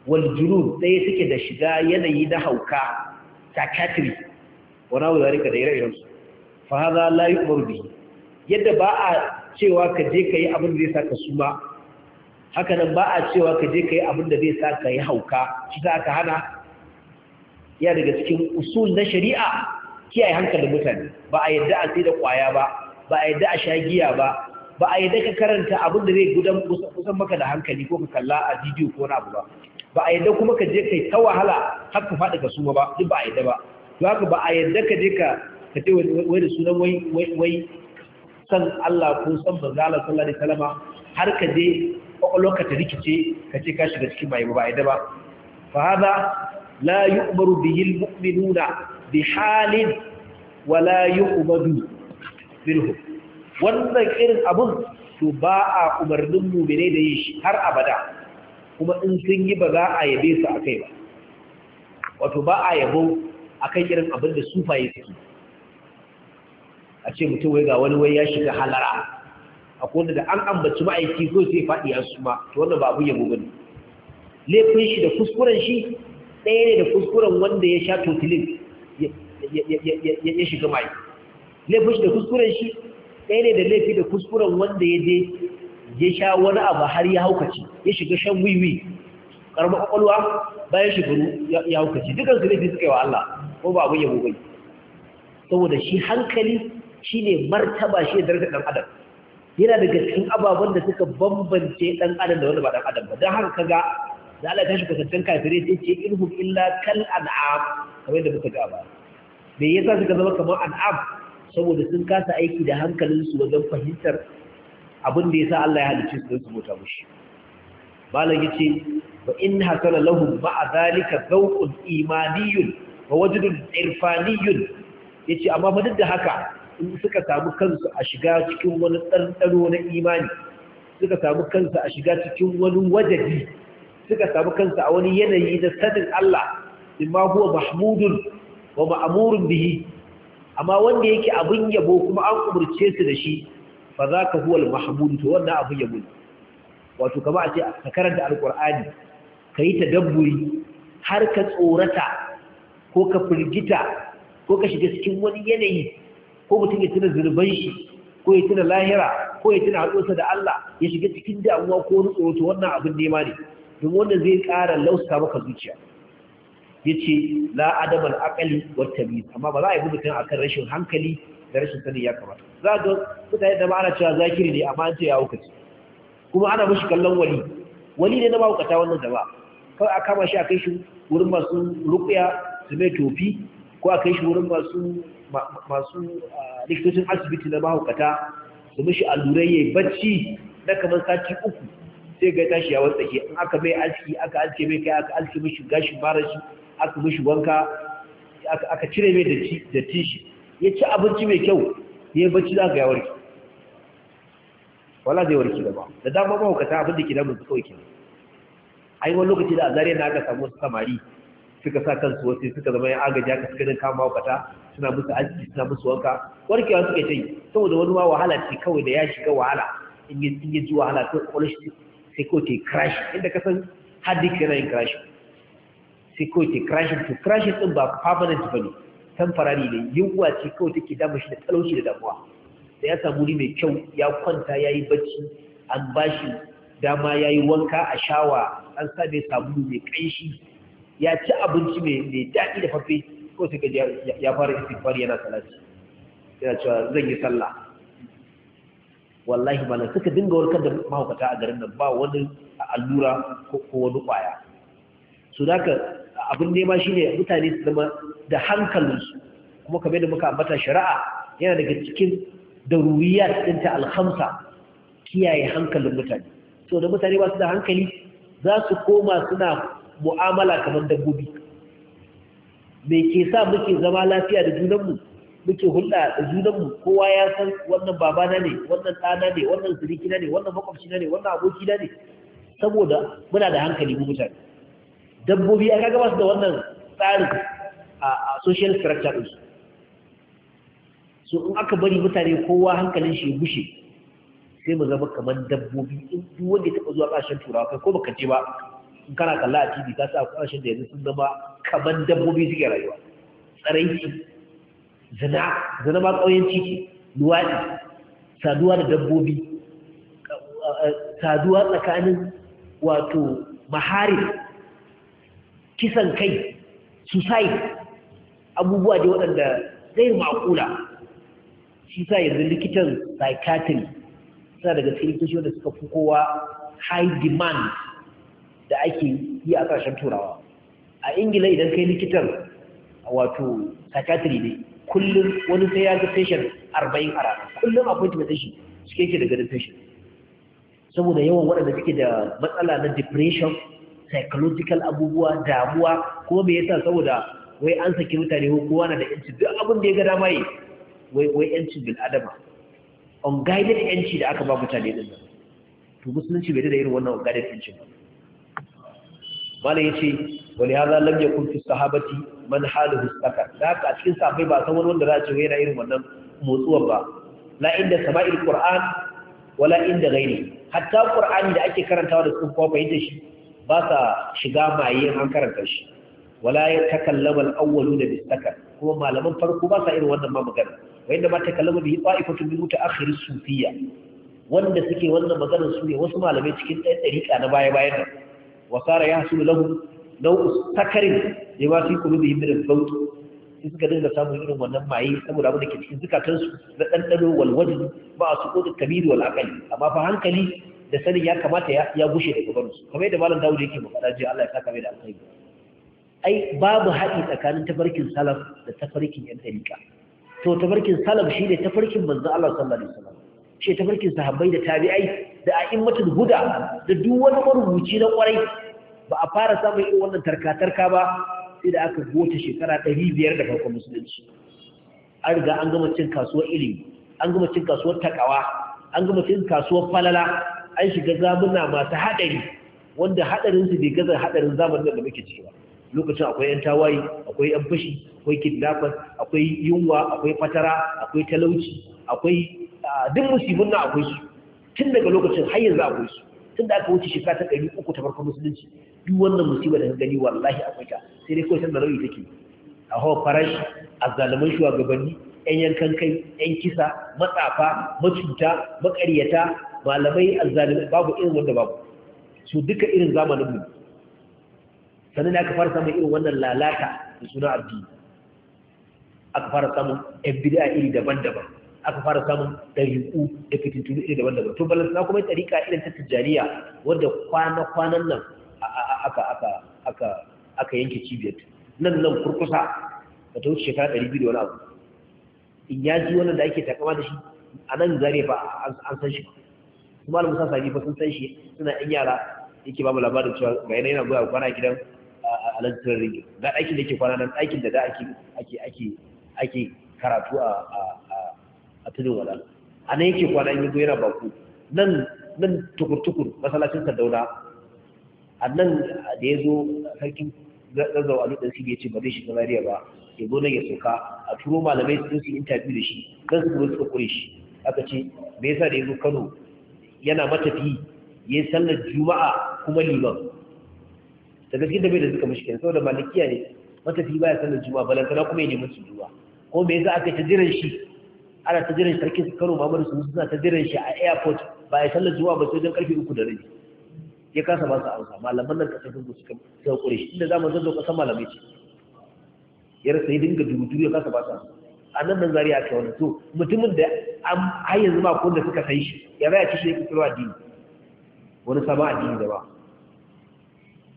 wani junun ɗaya suke da shiga yanayi na hauka psychiatry wani abu zarika da ire su fahaza layu la bihi yadda ba a cewa ka je ka yi abin da zai saka suma haka nan ba a cewa ka je ka yi abin da zai sa ka yi hauka shi za ka hana ya daga cikin usul na shari'a kiyaye hankalin mutane ba a yadda a sai da kwaya ba ba a yadda a sha giya ba ba a yadda ka karanta abin da zai gudan kusan maka da hankali ko ka kalla a bidiyo ko na abu ba ba a yadda kuma ka je kai ta wahala har ka faɗi ka suma ba duk ba a yadda ba to haka ba a yadda ka je ka ka ce wai da sunan wai wai san Allah ko san manzo sallallahu alaihi wasallam har ka je kwakwalwarka ta rikice ka ce ka shiga cikin mai ba ba fa haza la yu'maru bihi muminuna bi halin wa la umaru minhu wannan irin abun to ba a umarnin mu'mine da yi har abada kuma in sun yi ba za a yabe su akai ba wato ba a yabo akan irin abin da sufaye suke a ce mutum wai ga wani wai ya shiga halara akwai wanda da an ambaci ma'aiki ko sai faɗi ya ma to wannan ba abun yabo bane laifin shi da kuskuren shi ɗaya ne da kuskuren wanda ya sha totilin ya shiga mai laifin shi da kuskuren shi ɗaya ne da laifi da kuskuren wanda ya je ya sha wani abu har ya haukaci, ya shiga shan wiwi karamar kwakwalwa bayan shekaru ya haukaci. dukan su laifi suka yi wa Allah ko ba abun yabo bane saboda shi hankali shine martaba shi da darajar dan adam yana daga cikin ababen da suka bambance dan adam da wanda ba dan adam ba dan haka kaga da Allah ta shi kusantan kafirai sai ce ilhum illa kal an'am kamar yadda muka ga ba me yasa suka zama kamar an'am saboda sun kasa aiki da hankalin su wajen fahimtar abin da yasa Allah ya halicce su don su bauta mushi malam yace wa in hasala lahum ma'a zalika zawqun imaniyun wa wajdun irfaniyyun yace amma ba duk da haka in suka samu kansu a shiga cikin wani ɗanɗano na imani suka samu kansu a shiga cikin wani wajadi suka samu kansu a wani yanayi na sanin Allah imma huwa mahmudun wa ma'amurin bihi amma wanda yake abin yabo kuma an umurce su da shi fa za ka huwa mahmud to wannan abin yabo ne wato kama a ce ka karanta alkur'ani ka yi tadabburi har ka tsorata ko ka firgita ko ka shiga cikin wani yanayi ko mutum ya tuna zunubai shi ko ya tuna lahira ko ya tuna haɗuwarsa da Allah ya shiga cikin damuwa ko wani tsoro wannan abin nema ne domin wanda zai kara lausa maka zuciya ya ce la adamal akali wata biyu amma ba za a yi mutum akan rashin hankali da rashin sani ya kamata za ga mutane da ana cewa zakiri ne amma an ce ya hukaci kuma ana mashi kallon wali wali ne na mahaukata wannan zama kawai a kama shi a kai shi wurin masu rukuya su mai tofi ko a kai shi wurin masu masu likitocin asibiti na mahaukata su mishi allurai yai, bacci na kamar sati uku sai ga tashi ya watsake An aka mai aski aka alke mai kai aka alke mishi gashin farashi aka mishi wanka aka cire mai da tishi ya ci abinci mai kyau ya yi bacci za ga ya warki wala zai warki da ba da dama mahaukata abin da ke damun su kawai kenan ai wani lokaci da a zariya na aka samu samari suka sa kansu wasu suka zama ya agaji aka suka rin kama wakata suna musu aiki suna musu wanka warkewa suka ce saboda wani ma wahala ce kawai da ya shiga wahala in ya ji wahala ta kwalashi sai kawai ta crash inda ka san haddik yana yin crash sai kawai ta crash to crash din ba permanent ba ne temporary ne yunwa ce kawai take damu shi da talauci da damuwa da ya samu wuri mai kyau ya kwanta ya yi bacci an bashi dama ya yi wanka a shawa an sa mai sabulu mai ƙanshi ya ci abinci mai daɗi da fafi ko sai kaji ya fara fari yana salati yana cewa zan yi sallah wallahi malam suka dinga warkar da mahaukata a garin nan ba wani allura ko wani kwaya su da abin nema shine mutane su zama da hankalinsu kuma kamar da muka ambata shari'a yana daga cikin daruriyar ɗinta alhamsa kiyaye hankalin mutane so da mutane ba su da hankali za su koma suna mu'amala kamar dabbobi me ke sa muke zama lafiya da junanmu muke hulɗa da junanmu kowa ya san wannan babana ne wannan ɗana ne wannan sirikina ne wannan makwabcina ne wannan abokina ne saboda muna da hankali mu mutane dabbobi aka gaba su da wannan tsarin a social structure ɗinsu so in aka bari mutane kowa hankalin shi gushe sai mu zama kamar dabbobi in duk wanda ya taɓa zuwa ƙasashen turawa kai ko baka je ba in kana kalla a tv ka sa a kwashin da yanzu sun zama kaman dabbobi suke rayuwa tsaraici zina zina ma ƙauyenci ce luwaɗi saduwa da dabbobi saduwa tsakanin wato maharif kisan kai sai abubuwa da waɗanda zai ma'akula shi sa yanzu likitan psychiatry suna daga cikin likitoci wanda suka fi kowa high demand da ake yi a ƙarshen turawa a ingila idan kai likitan wato psychiatry ne kullum wani sai ya ga fashin arba'in a rana kullum appointment ɗin shi suke ke da ganin fashin saboda yawan waɗanda suke da matsala na depression psychological abubuwa damuwa kuma me yasa saboda wai an saki mutane ko kowa na da yanci duk abin da ya ga dama yi wai wai yancin bil adama unguided yanci da aka ba mutane din nan to musulunci bai da irin wannan unguided yanci ba ya ce wani hadha lam yakun fi sahabati man haluhu sakar da haka a cikin sahabbai ba san wani wanda za a ce yana irin wannan motsuwar ba la inda sama'il qur'an wala inda ghairi hatta qur'ani da ake karantawa da su ko fahimta shi ba sa shiga maye an karanta shi wala ya takallama al-awwaluna bis sakar kuma malaman farko ba sa irin wannan ma magana wanda ma takallama bi qa'ifatu min mutaakhir sufiyya wanda suke wannan maganar su ne wasu malamai cikin ɗaya ɗariƙa na baya-bayan nan Wasara sara ya hasu lahu nau'u sakarin ya ba su kuma bihin mirin bautu in suka dinga samun irin wannan maye saboda abin da ke cikin zukatansu na ɗanɗano walwajin ba a suko da kabiru wal akali amma fa hankali da sanin ya kamata ya gushe daga barinsu kamar da malam dawud yake magana jiya Allah ya saka mai da alkhairi ai babu haɗi tsakanin tafarkin salaf da tafarkin yan dariƙa to tafarkin salaf shine tafarkin manzo Allah sallallahu alaihi wasallam shi tafarkin sahabbai da tabi'ai da a'immatul huda da duk wani marubuci na kwarai ba a fara samun irin wannan tarka ba sai da aka goce shekara ɗari biyar da farkon musulunci an riga an gama cin kasuwar ilimi an gama cin kasuwar takawa an gama cin kasuwar falala an shiga zamuna masu haɗari wanda su bai gaza haɗarin zamanin da muke ciki ba lokacin akwai 'yan tawaye akwai 'yan fashi akwai kidnappers akwai yunwa akwai fatara akwai talauci akwai ah, duk musibin na akwai su tun daga lokacin har yanzu akwai su tun da aka wuce shekara ta ɗari uku ta farkon musulunci duk wannan musibar da ka gani wallahi akwai ta sai dai kawai sanda rauni take a hawa farashi a zalaman shugabanni yan yankan kai yan kisa matsafa macuta maƙaryata malamai azzalimai babu irin wanda babu su duka irin zamanin mu sannan aka fara samun irin wannan lalata da suna addini aka fara samun yan bid'a iri daban-daban aka fara samun ɗariƙu da fitintunu iri daban-daban to balantana kuma ɗariƙa irin ta tijjaniya wadda kwana-kwanan nan aka yanke cibiyar nan nan kurkusa da ta wuce shekara ɗari biyu da wani abu in ya ji wannan da ake takama da shi a nan zare fa an san shi kuma da musa sami fa sun san shi suna yan yara yake ba mu labarin cewa ga yana yana a kwana gidan alhaji turar ringi ga ɗakin da ke kwana nan ɗakin da da ake karatu a a tunin wada a nan yake kwana yi na baku nan nan tukur-tukur masalacin sardauna a nan da ya zo sarkin zazzau a lutsan sibi ce ba zai shiga mariya ba ya zo nan ya soka a turo malamai su su intabi da shi don su kuma suka kure shi aka ce me yasa da ya zo kano yana matafi ya yi sallar juma'a kuma liman da gaske da bai da suka mishi kenan saboda malikiya ne matafi ba ya sallar juma'a balantana kuma ya nemi su juma'a ko me yasa aka ta jiran shi ana ta jiran sarkin su karo mamadu su suna ta jiran shi a airport ba ya sallar zuwa ba sai karfe uku da rabi ya kasa ba su Hausa malaman nan kasar sun suka kai kure shi inda zamu ka san malamai ce ya rasa ya dinga dubu ya kasa ba su amsa a nan nan zariya ta wani to mutumin da an har yanzu ma kun da suka sai shi ya raya ci shi ya kusurwa addini wani sabon addini da ba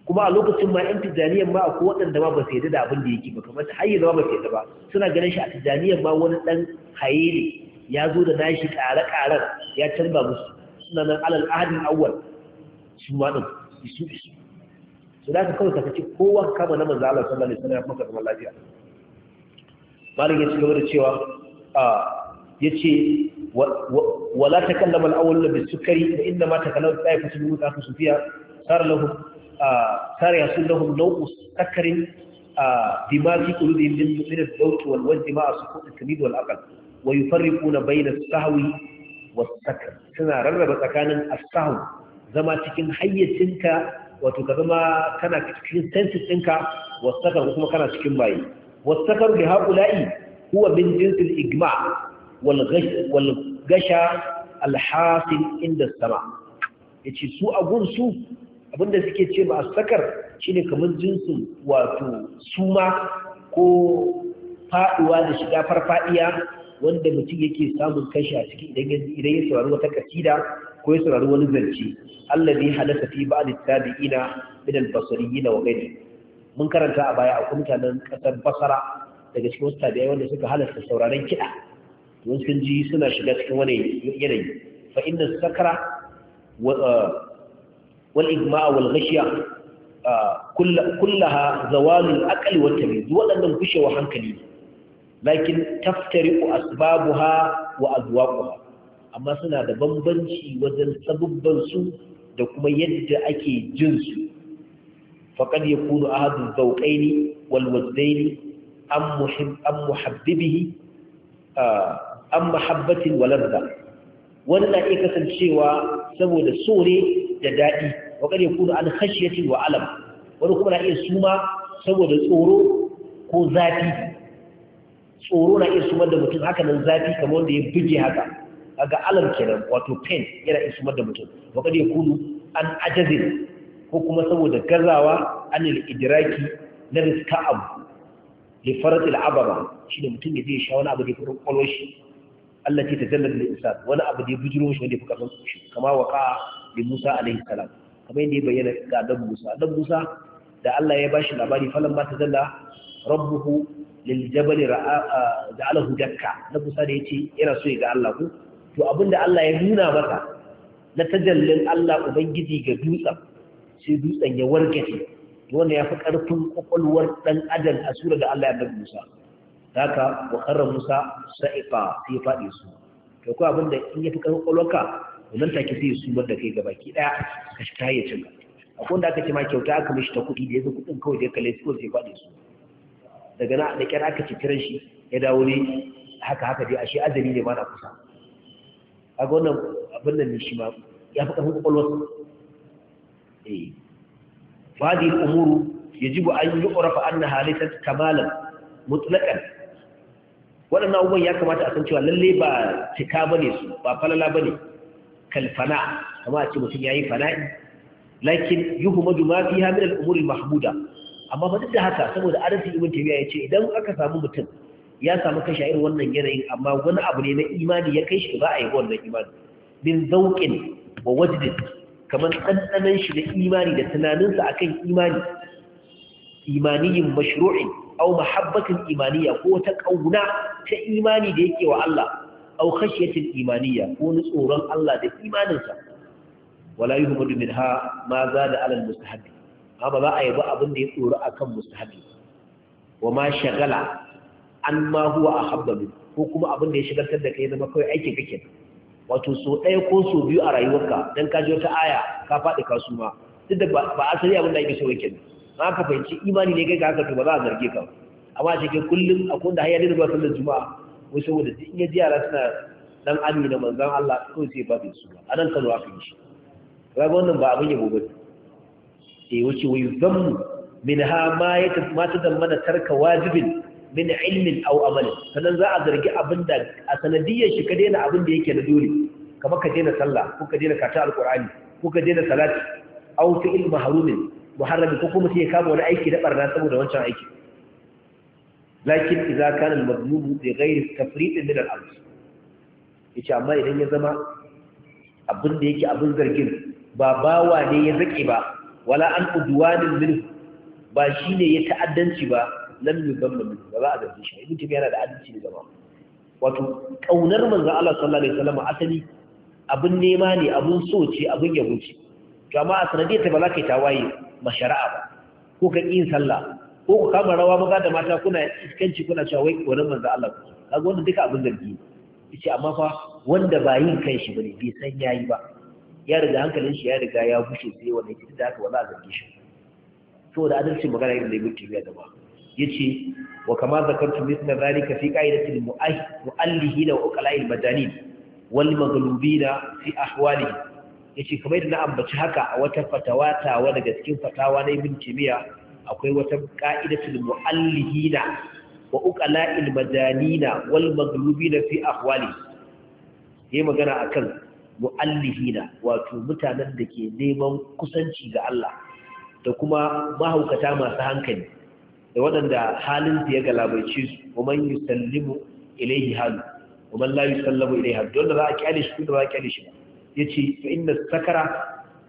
kuma a lokacin ma yan tijjaniyan ma akwai waɗanda ma ba su yadda da abin da yake ba kamar ta hayyar ma ba su yadda ba suna ganin shi a tijjaniyan ma wani ɗan haye ne ya zo da nashi ƙare-ƙaren ya canza musu suna nan alal ahadin awwal su ma ɗin isu isu su da ka kawai ka kaci kowa kama na manzo Allah sallallahu alaihi wasallam maka zaman lafiya malik ya ci gaba da cewa yace wala takallama al-awwal bi sukari fa inna ma ta ta yi takallama ta'ifatun min akhu sufiya sar lahum sare ya sun lahun nau'u sakarin bima fi qulubihim min min al-dawt wal wajdi ma sukut al-kamid wal aql wa yufarriquna bayna as suna rarraba tsakanin as zama cikin hayyacinka wato ka zama kana cikin senses ɗinka was sakr kuma kana cikin bayi wasakar sakr haƙula'i haula'i huwa min jins igma wal gasha al inda sama? Ya ce su agun su abinda suke ce ma sakar shine kamar jinsin wato suma ko faɗuwa da shiga farfaɗiya. wanda mutum yake samun kashi a ciki idan ya saurari wata kasida ko ya saurari wani zance allazi halasa fi ba'd at-tabi'ina min al-basriyyin wa ghayri mun karanta a baya akwai mutanen kasar basara daga cikin wasu tabi'ai wanda suka halasta sauraron kiɗa don sun ji suna shiga cikin wani yanayi fa inna sakara wal igma'a wal kullaha zawalul aƙali wat tamyiz wadannan gushewa hankali lakin taftariqu asbabuha wa azwaquha amma suna da bambanci wajen sabubban su da kuma yadda ake jin su faqad yakunu ahadu zawqaini wal wazdaini am muhib am muhabbibihi am mahabbatin waladha wannan iya kasancewa saboda so ne da daɗi. wa kar yakunu an khashyatin wa alam wani kuma na iya suma saboda tsoro ko zafi tsoro na iya sumar da mutum haka nan zafi kamar wanda ya buge haka kaga alam kenan wato pain yana iya sumar da mutum wa kar yakunu an ajazin ko kuma saboda gazawa an idraki na riska abu li farat al shi da mutum ya je sha wani abu da ya fara shi Allah ce ta zallar da isa wani abu da ya bujiro shi wanda ya fi karfin shi kama waka da Musa alaihi salam kamar yadda ya bayyana ga dan Musa dan Musa da Allah ya bashi labari falan ma tazalla rabbuhu lil jabal ra'a ja'alahu dakka dan Musa da yace ira so ga Allah ku to abinda Allah ya nuna masa na tajallin Allah ubangiji ga dutsen sai dutsen ya warkace wanda ya fi karfin kwakwalwar dan adam a sura da Allah ya nabi Musa haka wa kharra Musa sa'ifa sai faɗi su to ko abinda in ya fi karfin kwakwalwarka nan take sai su bar da kai gaba ki daya ka shiga ta yace ka akwai da aka ce ma kyauta aka mishi ta kuɗi da ya kuɗin kawai da kalle ko sai faɗi su daga na da kyar aka ci kiran shi ya dawo ne haka haka dai ashe azumi ne ba na kusa kaga wannan abin nan ne shi ma ya fi ƙarfin ƙwaƙwalwarsa eh fadi umuru yajibu an yu'rafa annaha laysat kamalan mutlaqan waɗannan abubuwan ya kamata a san cewa lalle ba cika bane su ba falala bane kalfana kama a ce mutum ya yi fana'i lakin yuhu maju ma fi hamil al'umuri mahmuda amma ba duk da haka saboda adalci ibn tabiya ya ce idan aka samu mutum ya samu kashi a wannan yanayin amma wani abu ne na imani ya kai shi ba a yi wannan imani min zauƙin wa wajdin kamar ɗanɗanan shi da imani da tunaninsa akan imani imaniyin mashru'in au mahabbatin imaniya ko wata ƙauna ta imani da yake wa Allah aw khashyatin imaniyya ko ni tsoron Allah da imaninsa wala yuhmadu minha ma zada ala mustahabi amma ba za a yaba abin da ya tsoro akan mustahabi wa ma shagala an ma huwa ahabba ko kuma abin da ya shagaltar da kai zama kawai aiki kake wato so ɗaya ko so biyu a rayuwarka dan ka ji wata aya ka faɗi kasuma duk da ba asali abin da ake so yake ba ka fahimci imani ne kai ka haka to ba za a zarge ka ba. a cikin kullum akwai wanda har ya dinga zuwa sallar juma'a wai saboda duk ya yara suna dan amina na manzan Allah kawai sai babin su ba a nan kano aka yi shi kaga wannan ba abin yabo bane eh wace wai zammu min ha ma ya ma ta tarka wajibin min ilmin au amalin sannan za a zargi abin da a sanadiyar shi ka daina abin da yake na dole kamar ka daina sallah ko ka daina kata alkur'ani ko ka daina salati aw fi'il mahrumin muharrami ko kuma sai ya kama wani aiki na barna saboda wancan aiki lakin idza kana al-mazlum bi ghairi tafriq min al-amr yace amma idan ya zama abin da yake abin zargin ba bawa ne ya zake ba wala an udwanin min ba shi ne ya ta'addanci ba lam yudamma min ba za a zargi shi ibn tabi yana da adalci ne gaba wato kaunar manzo Allah sallallahu alaihi wasallam asali abin nema ne abin so ce abin yabo ce to amma a sanadiyar ta ba za ka yi tawaye mashara'a ba ko ka ƙi yin sallah ko ku kama rawa maza da mata kuna iskanci kuna cewa wai wannan manzo Allah ku ga wannan duka abin zargi yace amma fa wanda ba yin kai shi bane bai san yayi ba ya riga hankalin shi ya riga ya bushe sai wannan yake da haka wala zargi shi da adalci magana irin da yake ya gaba yace wa kama zakartu mithla zalika fi qa'idatil mu'ayyi mu'allihi wa uqala'il madanin wal maghlubina fi ahwalihi yace kamar da na ambaci haka a wata fatawa ta daga cikin fatawa na ibn timiya akwai wata ka'idatul mu'allihina wa uqala'il madanina wal maghlubina fi ahwali yayi magana akan mu'allihina wato mutanen da ke neman kusanci ga Allah da kuma mahaukata masu hankali da waɗanda halin ya galabaice su wa man yusallimu ilayhi halu wa man la yusallamu ilayhi halu don da za a kyale shi da za a kyale shi yace fa inna sakara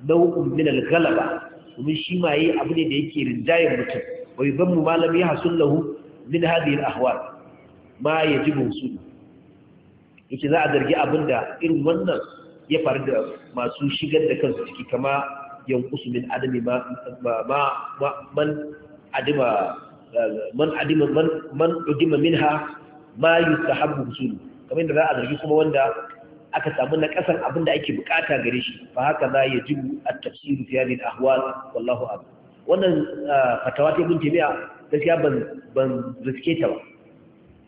nau'un min al-ghalaba domin shi maye abu ne da yake rinjayen mutum wai ban mu malam ya hasun lahu min hadhihi ahwal ma yajibu usul yace za a zargi abin da irin wannan ya faru da masu shigar da kansu ciki kama yankusu min adami ma man adima man adima man man udima minha ma yustahabbu usul kamar da za a zargi kuma wanda aka samu na kasar abin da ake bukata gare shi fa haka za ya jibu a tafsiru fi hadin ahwal wallahu a'lam wannan ah, fatawa ta ibn jami'a gaskiya ban ban riske ta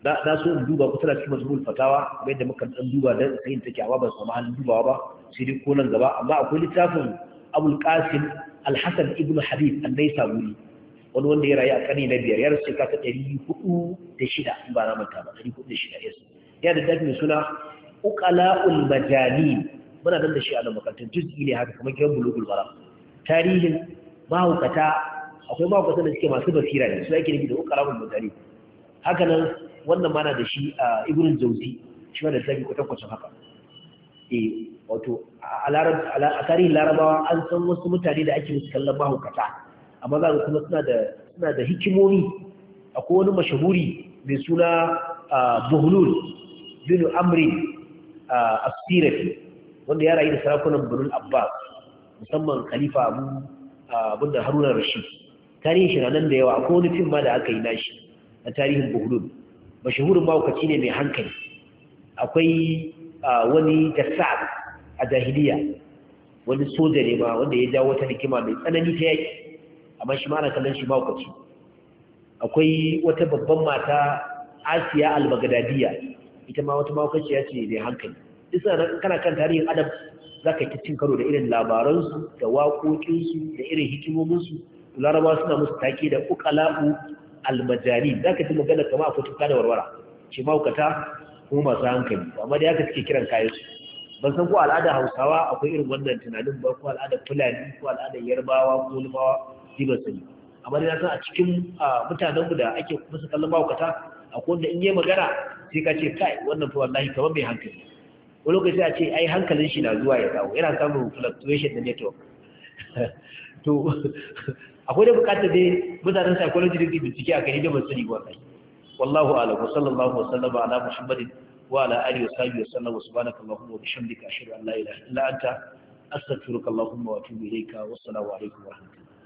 ba na so in duba kusa da cikin mazmul fatawa kamar yadda muka dan duba dan sai take hawa ban samu halin dubawa ba sai dai ko nan gaba amma akwai littafin Abul Qasim Al-Hasan ibn Habib An-Naisaburi wani wanda ya rayu a karni na biyar ya rasu shekara ta ɗari hudu da shida in ba na manta ba ɗari hudu da shida ya da dafi mai suna uqala'ul majani muna nan da shi a makarantun juz'i ne haka kamar kiran bulugul maram tarihin mahaukata akwai mahaukata da suke masu basira ne su ake nufi da uqala'ul majani haka nan wannan mana da shi a ibrin jauzi shi ma da sai kwatankwacin haka eh wato a tarihin larabawa an san wasu mutane da ake musu kallon mahaukata amma za kuma suna da suna da hikimomi akwai wani mashahuri mai suna ah, buhlul bin amri asfirati wanda ya rayu da sarakunan birnin abbas musamman khalifa abu abin da haruna rashid tarihin shi nan da yawa akwai wani fim ma da aka yi nashi na tarihin buhudun mashahurin mawukaci ne mai hankali akwai wani tasar a jahiliya wani soja ne ma wanda ya jawo wata hikima mai tsanani ta yaki amma shi ma ana kallon shi mawukaci akwai wata babban mata asiya al albagadadiya ita ma wata maukaciya ce mai hankali isa kana kan tarihin adam za ka cin karo da irin labaransu da waƙoƙinsu da irin hikimominsu larabawa suna musu take da ukala'u almajani za ka ji magana kama akwai tuka da warwara ce maukata kuma masu hankali amma da yaka suke kiran kayan su ban san ko al'ada hausawa akwai irin wannan tunanin ba ko al'ada fulani ko al'ada yarbawa ko lumawa ji ba sani amma da na san a cikin mutanenmu da ake musu kallon maukata akwai wanda in yi magana sai ka ce kai wannan fa wallahi kamar mai hankali wani lokaci a ce ai hankalin shi na zuwa ya dawo yana samun fluctuation da network to akwai da bukata dai mutanen psychology da bincike a kai da ban sani wannan wallahu a'lam wa sallallahu wa sallama ala muhammadin wa ala alihi wa sahbihi wa sallam wa subhanaka allahumma wa bihamdika ashhadu an la ilaha illa anta astaghfiruka allahumma wa atubu ilayka wa assalamu alaikum wa rahmatullahi